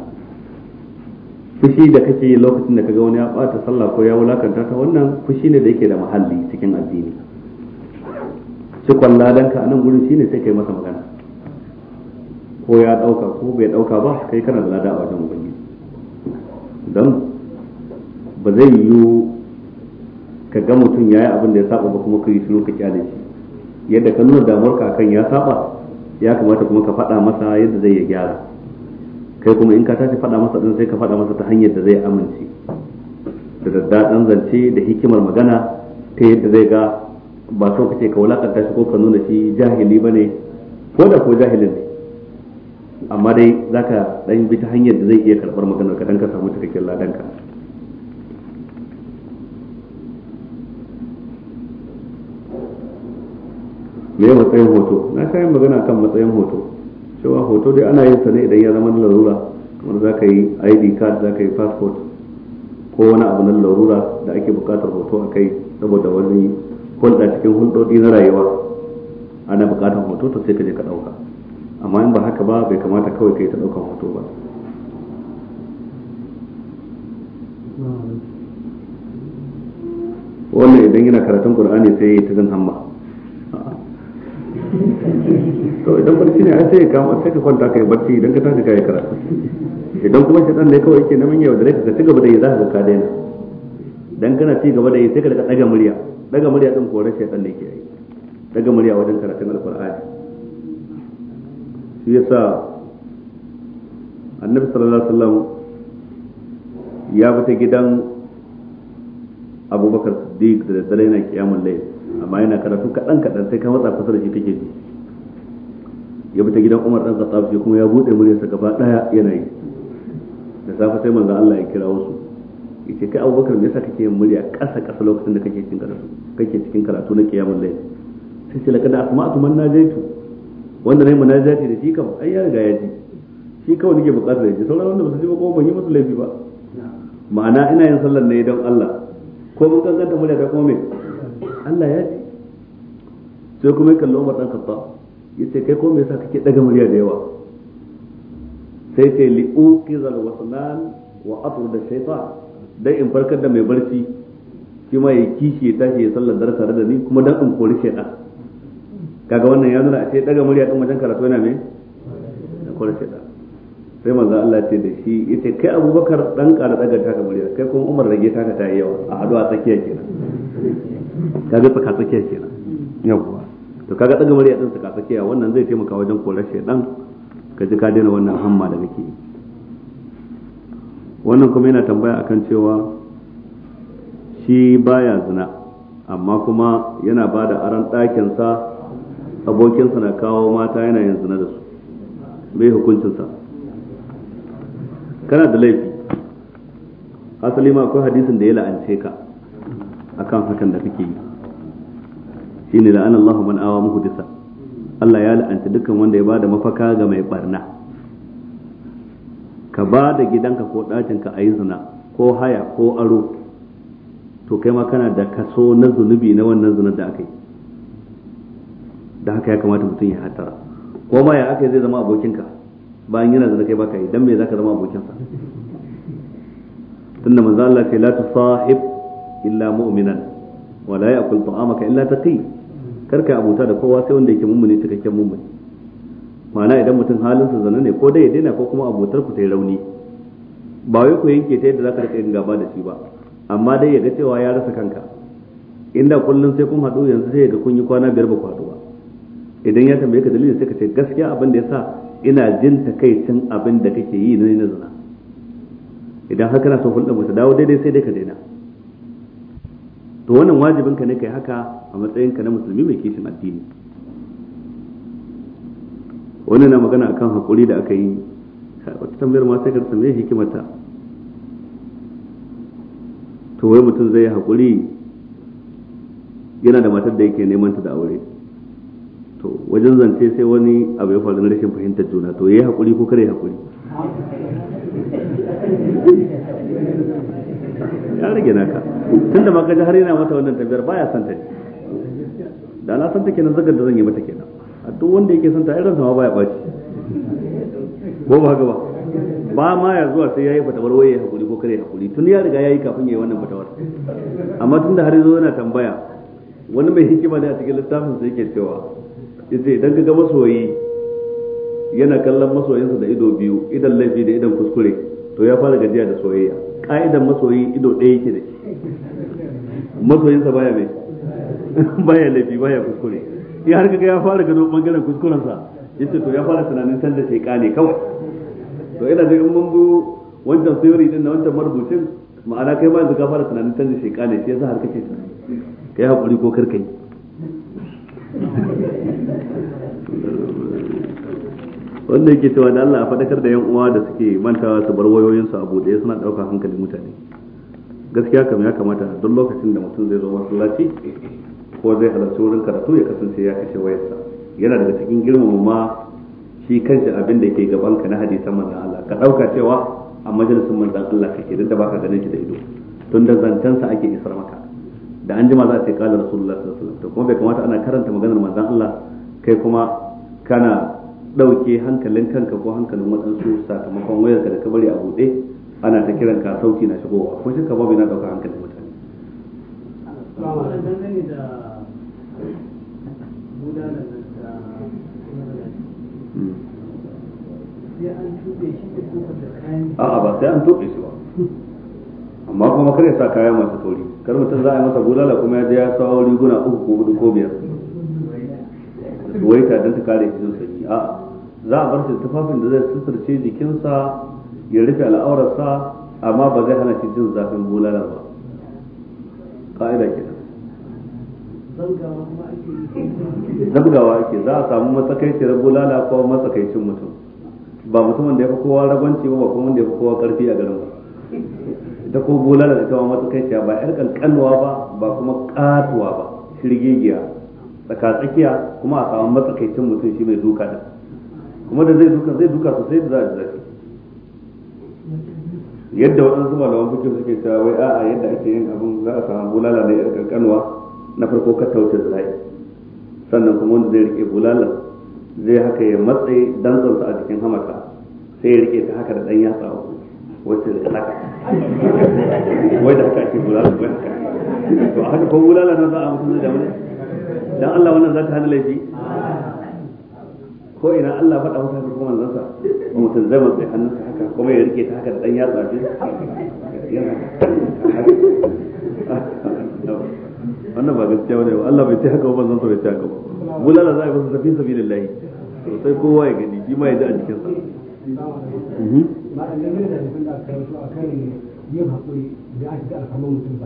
fushi da kake yi lokacin da kaga wani ya bata sallah ko ya wulakanta ta wannan fushi ne da yake da muhalli cikin addini shi kwalla dan ka nan gurin shine sai kai masa magana ko ya dauka ko bai dauka ba kai kana da lada a wajen ubangiji dan ba zai yiwu ka ga mutum ya yi abin da ya saba ba kuma ka yi shiru ka kyale shi yadda ka nuna ka kan ya saba ya kamata kuma ka faɗa masa yadda zai ya gyara kai kuma in ka tashi faɗa masa din sai ka faɗa masa ta hanyar da zai amince da daddaɗan zance da hikimar magana ta yadda zai ga ba so kace ka wulakanta shi ko ka nuna shi jahili bane ko da ko jahilin ne amma dai zaka dan bi ta hanyar da zai iya karɓar maganar ka dan ka samu cikakken ladanka me matsayin hoto na kayan magana kan matsayin hoto cewa hoto dai ana yin sa ne idan ya zama larura kamar za ka yi id card za ka yi passport ko wani abu na larura da ake bukatar hoto a kai saboda wani hulɗa cikin hulɗoɗi na rayuwa ana buƙatar hoto to sai ka je ka ɗauka amma in ba haka ba bai kamata kawai ka yi ta ɗaukan hoto ba wannan idan yana karatun qur'ani sai ya ta zan hamma to idan barci ne sai ya kama sai ka kwanta kai barci idan ka tashi kai karatu idan kuma shi dan ne kawai yake namin yau da rai ka ci da yi za ka ka daina dan kana ci gaba da yi sai ka daga daga murya daga murya din koran shaitan ne ke yi daga murya wajen karatun alqur'ani shi yasa annabi sallallahu alaihi wasallam ya fita gidan abubakar siddiq da daddare kiyamul layl amma yana karatu kaɗan kaɗan sai ka matsa kusa da shi take ji ya bi ta gidan Umar dan Khattab shi kuma ya bude muryarsa gaba daya yana yi da safe sai manzo Allah ya kira wasu yace kai Abubakar me yasa kake yin murya ƙasa ƙasa lokacin da kake cikin karatu kake cikin karatu na qiyamul layl sai ce lakada asma'tu man najaitu wanda nayi munajati da shi kam ai ya riga ya ji shi kawai nake buƙatar ya ji sauran wanda ba su ji ba kuma ban yi musu laifi ba ma'ana ina yin sallar ne don Allah ko mun kankanta murya ta kuma me Allah ya ji sai kuma ya kalli Umar dan ya ce kai ko me yasa kake daga murya da yawa sai ce li uqizal wasnan wa atrud ash-shaytan dan in farkar da mai barci shi ma ya kishi ya tashi ya sallar dare tare da ni kuma dan in kori shaytan kaga wannan ya nuna a ce daga murya din wajen karatu yana me da kori shaytan sai manzo Allah ce da shi ya ce kai Abubakar dan kara daga taka murya kai kuma Umar rage taka ta yawa a hadu a tsakiya kenan kaga tsaka tsakiya kenan yawwa to kaga daga murya din suka tsakiya wannan zai taimaka wajen korar shaidan ka ji ka daina wannan hamma da kake wannan kuma yana tambaya akan cewa shi baya zina amma kuma yana ba da aran ɗakin ɗakinsa abokinsa na kawo mata yana yin zina da su mai hukuncinsa kana da laifi asali ma akwai hadisin da ya la'ance ka akan hakan da kake yi shine la'ana Allah man awa muhdisa Allah ya la'anta dukkan wanda ya bada mafaka ga mai barna ka bada gidanka ko ɗakinka a yi zina ko haya ko aro to kai ma kana da kaso na zunubi na wannan zunar da aka yi da haka ya kamata mutum ya hatara ko ma ya aka zai zama abokinka bayan yana zina kai baka yi dan me zaka zama abokinsa tunda manzo Allah ce la tusahib illa mu'minan wala ya'kul ta'amaka illa taqi kar ka abuta da kowa sai wanda yake mummuni cikakken mummuni ma'ana idan mutum halinsa zana ne ko dai ya daina ko kuma abotar ku ta yi rauni ba wai ku yanke ta yadda za ka rika yin gaba da shi ba amma dai ya ga cewa ya rasa kanka inda kullum sai kun haɗu yanzu sai ya ga kun yi kwana biyar ba ku haɗu ba idan ya tambaye ka dalilin sai ka ce gaskiya abin da ya sa ina jin kai takaicin abin da kake yi na zina idan haka na so hulɗa mu ta dawo daidai sai dai ka daina to wannan wajibin ka ne kai haka a matsayin ka na musulmi mai kishin addini wannan na magana akan hakuri da aka yi wata tambayar ma sai ka tambaye kimata to wai mutum zai yi hakuri yana da matar da yake neman ta da aure to wajen zance sai wani abu ya faru na rashin fahimtar juna to yayi hakuri ko kare hakuri ya rage naka tun da magaji har yana mata wannan tafiyar baya son ta da na san ta kenan zagar da zan yi mata kenan a duk wanda yake son ta irin sama baya baci ko ba haka ba ba ma ya zuwa sai yayi fatawar waye hakuri ko kare hakuri tun ya riga yayi kafin yayi wannan fatawar amma tun da har yanzu yana tambaya wani mai hikima ne a cikin littafin sai yake cewa yace idan ka ga masoyi yana kallon masoyinsa da ido biyu idan laifi da idan kuskure to ya fara gajiya da soyayya ka'idan masoyi ido ɗaya yake da masoyinsa baya mai baya laifi baya kuskure ya har kaga ya fara gano bangaren kuskurensa yace to ya fara tunanin san da ne kawai to ina da in mun bu wancan theory din na wancan marubucin ma'ana kai ma yanzu ka fara tunanin san da sai ne shi yasa har kake kai hakuri ko kar yi. wanda yake cewa da Allah a faɗakar da yan uwa da suke mantawa su bar wayoyinsu a buɗe suna ɗaukar hankalin mutane gaskiya kam ya kamata duk lokacin da mutum zai zo masallaci ko zai halarci wurin karatu ya kasance ya kashe wayarsa yana daga cikin girmama ma shi kanshi abin da ke gaban ka na hadisan manzon Allah ka dauka cewa a majalisin manzon Allah kake duk da baka ganin shi da ido tun da zantansa ake isar maka da an jima za a ce kala rasulullah sallallahu alaihi wasallam to kuma bai kamata ana karanta maganar manzon Allah kai kuma kana dauke hankalin kanka ko hankalin wadansu sakamakon wayarka da ka bari a bude. ana ta kiran ka sauti na shigowa ko shi ka babu yana dauka hankalin mutane a'a ba sai an tuɓe shi ba amma kuma kar ya sa kaya masu tauri kar mutum za a yi masa bulala kuma ya je ya sawo riguna uku ko hudu ko biyar wai ta don ta kare shi sanyi a'a za a bar shi tufafin da zai sassarce jikinsa ya rufe al'aurarsa amma ba zai hana shi jin zafin bulala ba ka'ida nan zabgawa ake za a samu matsakaiciyar bulala ko matsakaicin mutum ba mutumin da ya fi kowa ragwanci ba kuma wanda ya fi kowa karfi a garin ita ko bulala da kawo matsakaiciya ba yar kankanwa ba ba kuma katuwa ba shirgegiya tsaka tsakiya kuma a samu matsakaicin mutum shi mai duka da kuma da zai duka zai duka sosai da za a ji zafi yadda waɗansu malaman fikin suke cewa wai a'a yadda ake yin abin za a samu bulala da yar kankanwa na farko ka tauce zai sannan kuma wanda zai rike bulala zai haka ya matse dantsansa a jikin hamata sai ya rike ta haka da ɗan yatsa a wacce da talaka wai da haka ake bulala wai haka to a haka ko bulala na za a mutum da wani dan Allah wannan za ta hana laifi ko ina Allah faɗa masa haka kuma manzansa mutum zai matsayi hannunsa haka kuma ya rike ta haka da ɗan yatsa biyu wannan ba gaskiya bane ba Allah bai ce haka ba manzansa bai ce haka ba bulala za a yi masa tafi to sai kowa ya gani shi ma ya ji a jikinsa. Malam da da yin hakuri da ake hmm. da mutum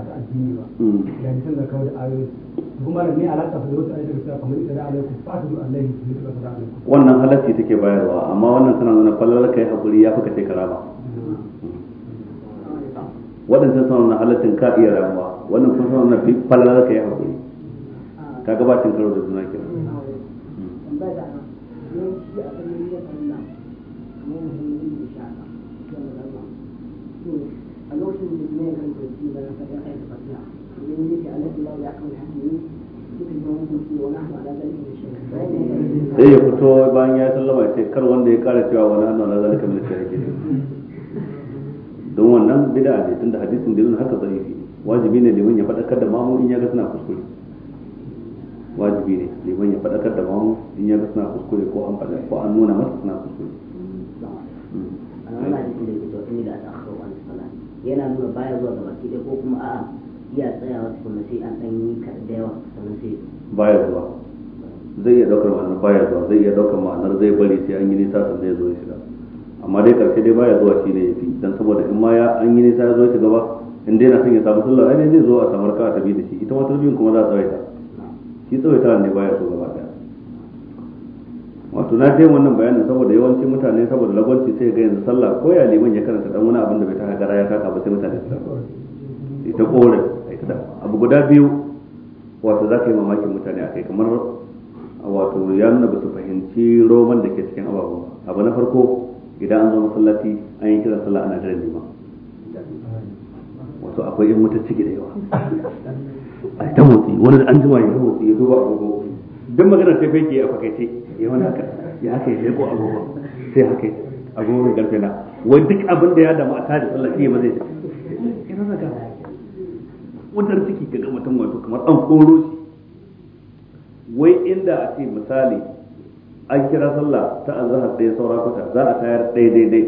wannan halatti take bayarwa amma wannan tana nuna fallalar kai haƙuri ya fuka sai karama hmm. waɗancan sanar na halattin ka iya ramuwa wannan sun sanar na kai haƙuri ka gabatin karo da suna kenan قلتم للاثنين ان تجيب فلا خير قد ومن يريد ان الله يعقل حمده sai ya fito bayan ya sallama ce kar wanda ya kara cewa wani hannu na zalika mai shirki ne don wannan bid'a ne da hadisin da yanzu haka zaifi wajibi ne liman ya faɗakar da mamu in ya ga suna kuskure wajibi ne liman ya faɗakar da mamu in ya ga suna kuskure ko an faɗa ko an nuna masa suna kuskure da yana nuna baya zuwa gabaki ɗaya ko kuma a'a iya tsayawa kuma sai an ɗan yi da yawa sannan sai baya zuwa zai iya ɗaukar ma'anar baya zuwa zai iya ɗaukar ma'anar zai bari sai an yi nisa sannan ya zo ya shiga amma dai karshe dai baya zuwa shi ne ya fi don saboda in ma ya an yi nisa ya zo ya shiga ba in dai na son ya samu sallah ai zai zo a samar ka a tabi da shi ita ma tarbiyyar kuma za a tsawaita shi tsawaita ne baya zuwa. wato na dai wannan bayanin saboda yawancin mutane saboda lagwanci sai ga yanzu sallah ko ya liman ya karanta dan wani abin da bai taka gara ya taka ba sai mutane su tafi ita kore ita da abu guda biyu wato za yi mamakin mutane akai kamar wato ya nuna ba su fahimci roman da ke cikin ababen abu na farko idan an zo masallaci an yi kiran sallah ana jiran liman wato akwai yan mutacci da yawa a ta motsi wani an jima ya motsi ya duba agogo duk magana sai ke a fakaice ya eh, wani haka ya haka ya leko agogo sai haka agogo karfe na wai duk abin da ya damu a tare sallah shi ba zai ta ina zaka wutar ciki ga mutum wato kamar an koro shi wai inda a ce misali an kira sallah ta azhar ɗaya saura kuta za a tayar ɗaya daidai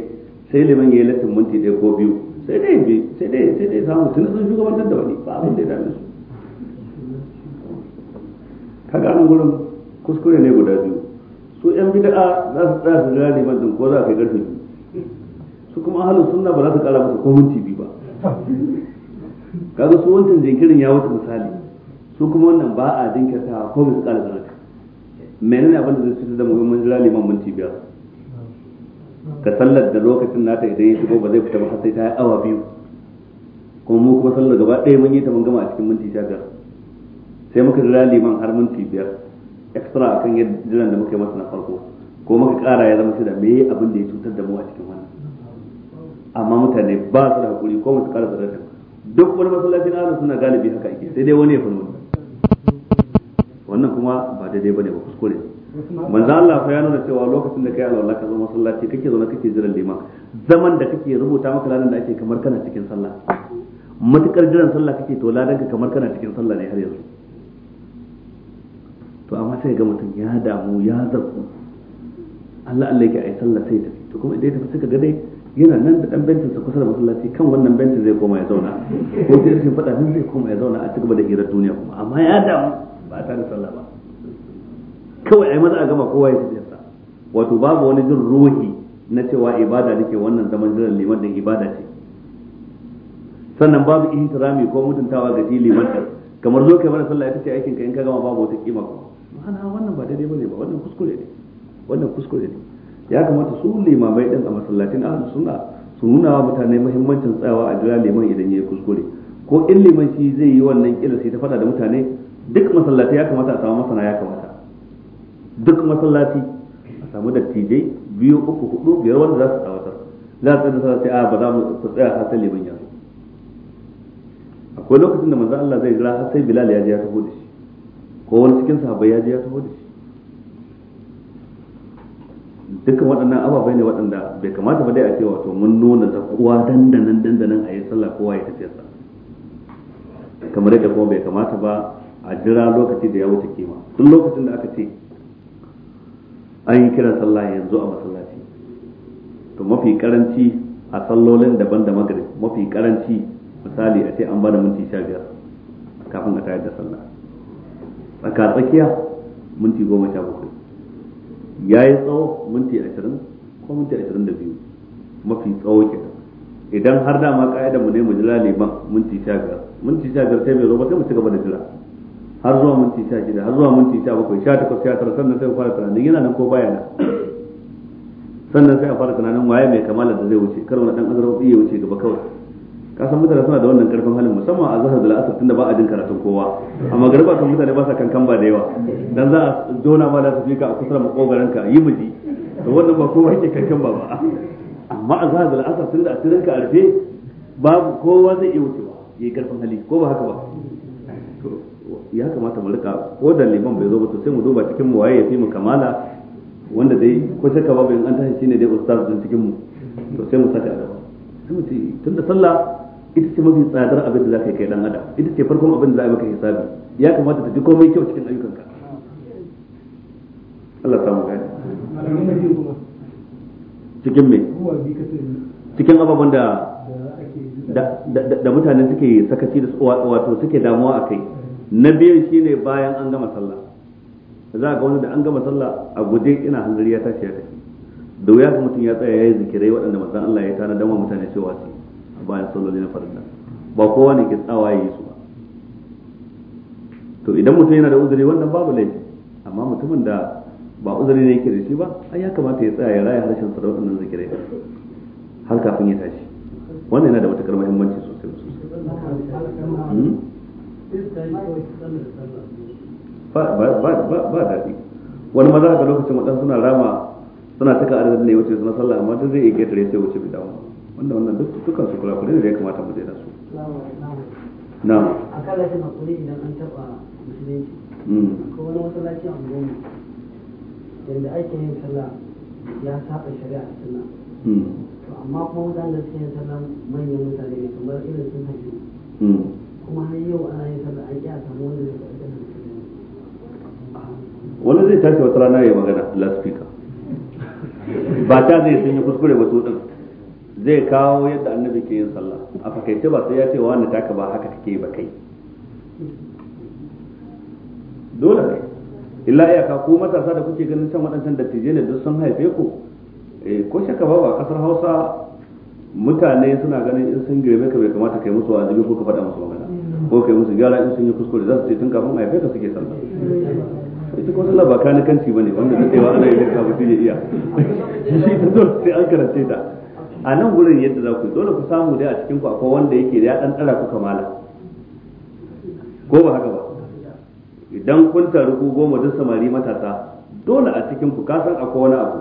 sai liman ya yi lattin minti ɗaya ko biyu sai dai sai dai sai dai samu tuni sun shugabantar da wani ba abin da ya dame su kaga an gurin kuskure ne guda biyu su yan bid'a za su tsaya su gane liman ko za ka yi karfe su kuma ahlus sunna ba za su kara musu ko minti ba kaga su wancan jinkirin ya wuce misali su kuma wannan ba a jinkirta ko su kara zaraka menene abin da zai cutar da mu mun jira liman mun tibiya ka sallar da lokacin nata idan ya shigo ba zai fita ba sai ta yi awa biyu kuma mu kuma sallar gaba ɗaya mun yi ta mun gama a cikin minti sha biyar sai muka jira liman har minti biyar extra akan yadda jiran da muka yi masa na farko ko muka kara ya zama shida me abin da ya cutar da mu a cikin wannan amma mutane ba su da hakuri ko musu kara sadaka duk wani masallaci na suna galibi haka ake sai dai wani ya fara wannan kuma ba daidai bane ba kuskure manzo Allah fa ya nuna cewa lokacin da kai alwala ka zo masallaci kake zo kake jiran liman zaman da kake rubuta maka ladan da ake kamar kana cikin sallah matukar jiran sallah kake to ladan ka kamar kana cikin sallah ne har yanzu to amma sai ga mutum ya damu ya zaku Allah Allah yake ai sallah sai tafi to kuma idan tafi suka ga dai yana nan da dan bencin sa kusa da masallaci kan wannan bencin zai koma ya zauna ko sai sun faɗa nan zai koma ya zauna a cikin da hirar duniya kuma amma ya damu ba ta da sallah ba kawai ai maza a gama kowa ya tafi sa wato babu wani jin ruhi na cewa ibada nake wannan zaman jiran liman din ibada ce sannan babu ihtirami ko mutuntawa ga shi liman kamar zo kai mana sallah ita ce aikin ka in ka gama babu wata kima kuma ana wannan ba daidai bane ba wannan kuskure ne wannan kuskure ne ya kamata su limamai din a masallatin ahlus sunna su nuna wa mutane muhimmancin tsayawa a jira liman idan yayi kuskure ko in liman shi zai yi wannan kila sai ta fada da mutane duk masallati ya kamata a samu masana ya kamata duk masallaci a samu dattijai biyu uku hudu biyar wanda za su tsawatar za su tsaya sai a ba za mu tsaya har sai liman ya akwai lokacin da manzo Allah zai jira har sai Bilal ya je ya taho da shi ko wani cikin sahabbai ya je ya taho da shi dukkan waɗannan ababai ne waɗanda bai kamata ba dai a cewa to mun nuna ta kowa dandanan dandanan a yi sallah kowa ya tafiya sa kamar yadda kuma bai kamata ba a jira lokaci da ya wuce kima duk lokacin da aka ce an yi kiran sallah yanzu a masallaci to mafi karanci a sallolin daban da magrib mafi karanci misali a ce an bada minti sha biyar kafin a tayar da sallah tsaka tsakiya minti goma sha bakwai ya yi tsawo minti ashirin ko minti ashirin da biyu mafi tsawo ke idan har dama ka'idar mu ne mu jira liman minti sha biyar minti sha biyar sai bai zo ba sai mu ci gaba da jira har zuwa minti sha shida har zuwa minti sha bakwai sha takwas sha tara sannan sai fara tunanin yana nan ko baya nan sannan sai a fara tunanin waye mai kamala da zai wuce kar wani dan azrafi ya wuce gaba kawai kasan mutane suna da wannan karfin halin musamman a zahar da la'asar tunda ba a jin karatun kowa amma garba kan mutane ba sa kankan ba da yawa dan za a zona ba da su ka a kusa da makogaran ka yi miji to wannan ba kowa yake kankan ba ba amma a zahar da la'asar tunda a tirinka a rufe babu kowa zai iya wucewa yi karfin hali ko ba haka ba ya kamata mu rika ko da liman bai zo ba to sai mu duba cikin mu waye ya fi mu kamala wanda dai ko shakka ba in an tashi shine dai ustaz din cikin mu to sai mu saka gaba sai mu ce tunda sallah ita ce mafi tsadar abin da za ka yi kai dan adam ita ce farkon abin da za a maka hisabi ya kamata ta ji komai kyau cikin ayyukanka Allah samu gani cikin me cikin ababen da da mutane suke sakaci da wato suke damuwa a kai na biyan shine bayan an gama sallah za ga wani da an gama sallah a guje ina hanzari ya tashi ya tafi da wuya ga mutum ya tsaya yi zikirai waɗanda manzon Allah ya tana dama mutane cewa su bayan salloli na farilla ba kowa ne ke tsawa ya yi su ba to idan mutum yana da uzuri wannan babu laifi amma mutumin da ba uzuri ne yake da shi ba ai ya kamata ya tsaya ya raya harshen sa da waɗannan zikirai har kafin ya tashi wannan yana da matukar muhimmanci sosai sosai hmm? ba daɗi wani maza ga lokacin waɗansu suna rama suna taka arziki ne wuce suna sallah amma duk zai iya gaitare sai wuce bi damu wanda wannan duk dukkan su kurakure ne da ya kamata mu daina su na a kan lafi makuri idan an taba musulunci hmm. ko wani masallaci a unguwanmu yadda ake yin sallah ya saba shari'a a sallah hmm. to amma kuma mutane da suke yin sallah manyan mutane ne kamar irin sun hajji hmm. kuma har yau ana yin sallah an ƙi a samu wanda zai faɗi wani zai tashi wata rana ya magana last speaker ba ta zai sun yi kuskure ba su ɗin zai kawo yadda annabi ke yin sallah a fakaice ba sai ya ce wani taka ba haka take ba kai dole ne illa iyaka ko matasa da kuke ganin can waɗancan dattijai ne duk sun haife ku eh, ko shaka ba ba kasar hausa mutane suna ganin in sun girme ka bai kamata kai musu wajibi ko ka faɗa musu magana ko kai musu gyara in sun yi kuskure za su ce tun kafin haife ka suke sallah ita ko sallah ba kanikanci bane wanda da cewa ana yi da kafin iya <laughs> shi ta dole sai an karance ta a nan gurin yadda za ku dole ku samu dai a cikin ku akwai wanda yake da ya dan tsara ku kamala ko ba haka ba idan kun taru ku goma duk samari matasa dole a cikin ku kasan akwai wani abu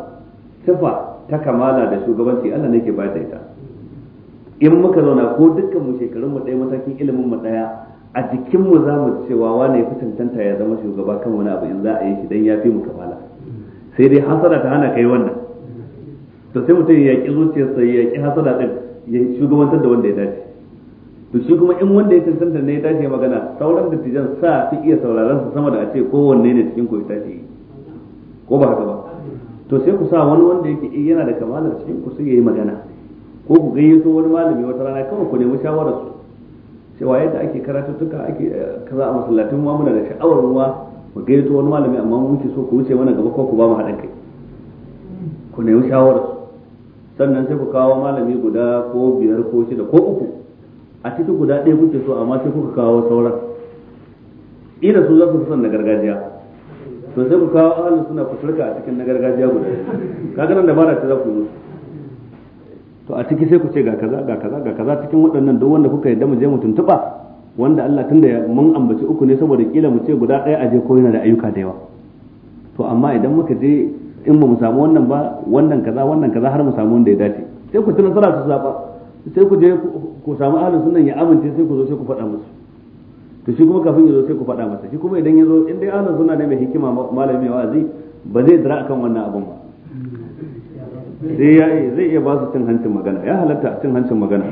sifa ta kamala da shugabanci Allah ne ke bayar da ita in muka zauna ko dukkan mu shekarun mu ɗaya matakin ilimin mu ɗaya a jikin mu za mu cewa wane ya fi ya zama shugaba kan wani abu in za a yi shi dan ya fi mu kamala sai dai hasara ta hana kai wannan to sai mutum ya yaki zuciyarsa ya yaki hasada din ya shugabantar da wanda ya dace to shi kuma in wanda ya tantance ne ya tashi ya magana sauran dattijan sa su iya sauraron su sama da a ce kowanne ne cikin ku ya tashi ko ba haka ba to sai ku sa wani wanda yake eh, yana da kamalar cikin ku sai yayi magana ko ku gayyato wani malami wata rana kawai ku nemi shawarar su cewa yadda ake tuka ake eh, kaza a masallatin mu muna da sha'awar ruwa ku gayyato wani malami amma mun ke so ku wuce mana gaba ko ku ba mu haɗin kai ku nemi shawarar su sannan sai ku kawo malami guda ko biyar ko shida ko uku a ciki guda ɗaya kuke so amma sai kuka kawo sauran ina su za su san na gargajiya to sai ku kawo ahalin suna kusurka a cikin na gargajiya guda kaga nan dabara ta za ku zo to a ciki sai ku ce ga kaza ga kaza ga kaza cikin waɗannan duk wanda kuka yadda mu je mu tuntuɓa wanda Allah tun da mun ambaci uku ne saboda kila mu ce guda ɗaya a je ko yana da ayyuka da yawa to amma idan muka je in ba mu samu wannan ba wannan kaza wannan kaza har mu samu wanda ya dace sai ku tuna nasara su zaba sai ku je ku samu ahlus sunan ya amince sai ku zo sai ku faɗa musu to shi kuma kafin ya zo sai ku faɗa masa shi kuma idan ya zo in dai ahlus sunna ne mai hikima malami wa'azi ba zai dira akan wannan abun ba sai ya zai iya ba su cin hancin magana ya halatta cin hancin magana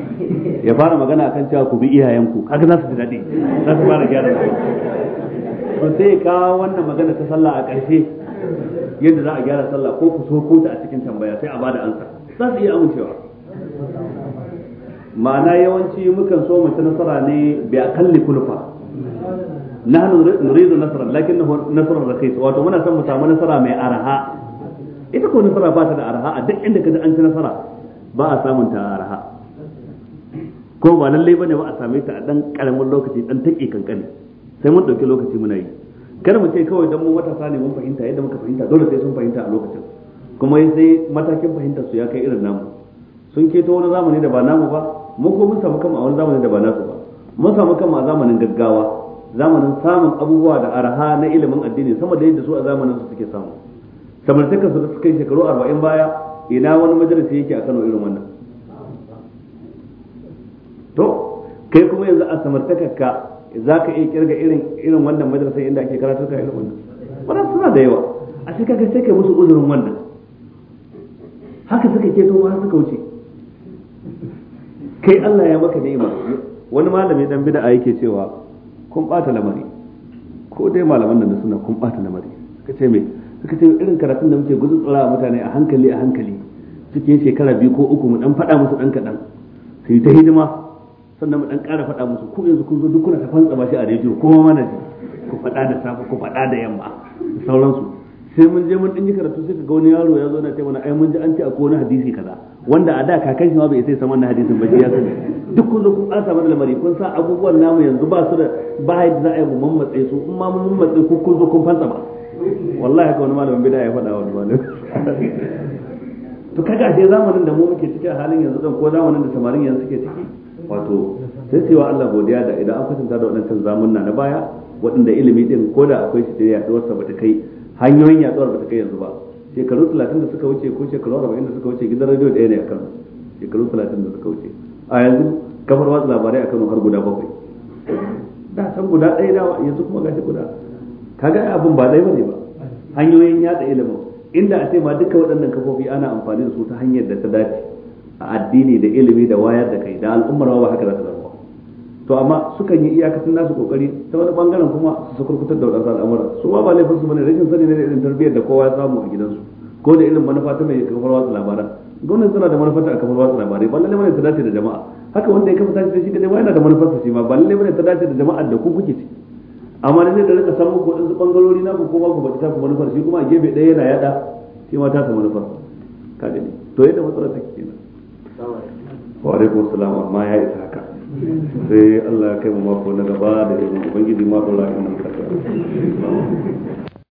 ya fara magana akan cewa ku bi iyayenku kaga za su ji daɗi za su fara gyara to sai ya kawo wannan magana ta sallah a ƙarshe yadda za a gyara sallah ko ku so ko ta a cikin tambaya sai a bada ansa za su iya amincewa ma'ana yawanci mukan so mace nasara ne bi akalli kulfa nahnu nuridu nasara, lakin nasran rakhis wato muna son mu samu nasara mai araha ita ko nasara ba ta da araha a duk inda kaji an ci nasara ba a samun ta araha ko ba lallai bane ba a same ta a dan karamin lokaci dan take kankani sai mun dauki lokaci muna yi kar mu ce kawai dan mu matasa ne mun fahimta yadda muka fahimta dole sai sun fahimta a lokacin kuma sai matakin fahimtar su ya kai irin namu sun keto wani zamani da ba namu ba mu ko mun samu kanmu a wani zamani da ba nasu ba mun samu kanmu a zamanin gaggawa zamanin samun abubuwa da araha na ilimin addini sama da yadda su a zamanin su suke samu samartakar su da suka yi shekaru arba'in baya ina wani majalisi yake a Kano irin wannan to kai kuma yanzu a samartakarka za ka iya kirga irin wannan madrasa inda ake karatu ka irin wannan wannan suna da yawa a sai kaga sai kai musu uzurin wannan haka suka ke to har suka wuce kai Allah ya maka ni'ima wani malami dan bid'a yake cewa kun bata lamari ko dai malaman nan suna kun bata lamari suka ce me suka ce irin karatun da muke guzutsura mutane a hankali a hankali cikin shekara biyu ko uku mu dan faɗa musu dan kaɗan sai ta hidima sannan mu dan ƙara faɗa musu ku yanzu kun zo duk kuna ta fantsa ba shi a rediyo kuma mana ji ku faɗa da safe ku faɗa da yamma da sauransu sai mun je mun dan yi karatu sai ka ga wani yaro ya zo na taimana mana ai mun ji an ce akwai wani hadisi kaza wanda a da kakan shi ma bai sai saman na hadisin ba ya sani duk kun zo kun asa mana lamari kun sa abubuwan namu yanzu ba su da ba yadda za a yi mu mammatse su kun ma mu mammatse ku kun zo kun fantsa ba wallahi haka wani malamin bid'a ya faɗa wa wani to kaga ashe zamanin da mu muke cikin halin yanzu dan ko zamanin da samarin yanzu suke ciki wato sai cewa Allah godiya da idan an kwatanta da waɗancan zamunna na baya waɗanda ilimi din ko da akwai shi da yaduwar sa bata kai hanyoyin yaduwar bata kai yanzu ba shekaru 30 da suka wuce ko shekaru 40 da suka wuce gidan radio da yana kan shekaru 30 da suka wuce a yanzu kafar watsa labarai a Kano har guda bakwai da san guda ɗaya da yanzu kuma gashi guda kaga abin ba ɗaya bane ba hanyoyin yada ilimin inda a ce ma duka waɗannan kafofi ana amfani da su ta hanyar da ta dace addini da ilimi da wayar da kai da al'ummar ba haka za ta zama to amma sukan yi iyakacin nasu kokari ta wani bangaren kuma su kurkutar da wadansu al'amura su ba laifin su bane rashin sani ne da irin tarbiyyar da kowa ya samu a gidansu ko da irin manufa ta mai kafar watsa labaran gwamnati tana da manufar a kafar watsa labarai ba lalle bane ta dace da jama'a haka wanda ya kafa ta shi kadai ba yana da manufar shi ma ba lalle bane ta dace da jama'a da ku kuke ciki amma da zai da rika san muku wadansu bangarori na ku ko ba ku ba ta ku manufar shi kuma a gefe ɗaya yana yada shi ma ta manufar ka gani to yadda matsalar take wa alaikum salam amma ya isa haka sai Allah ya kai mu mako na gaba da izinin ubangiji ma dora kan nan kasa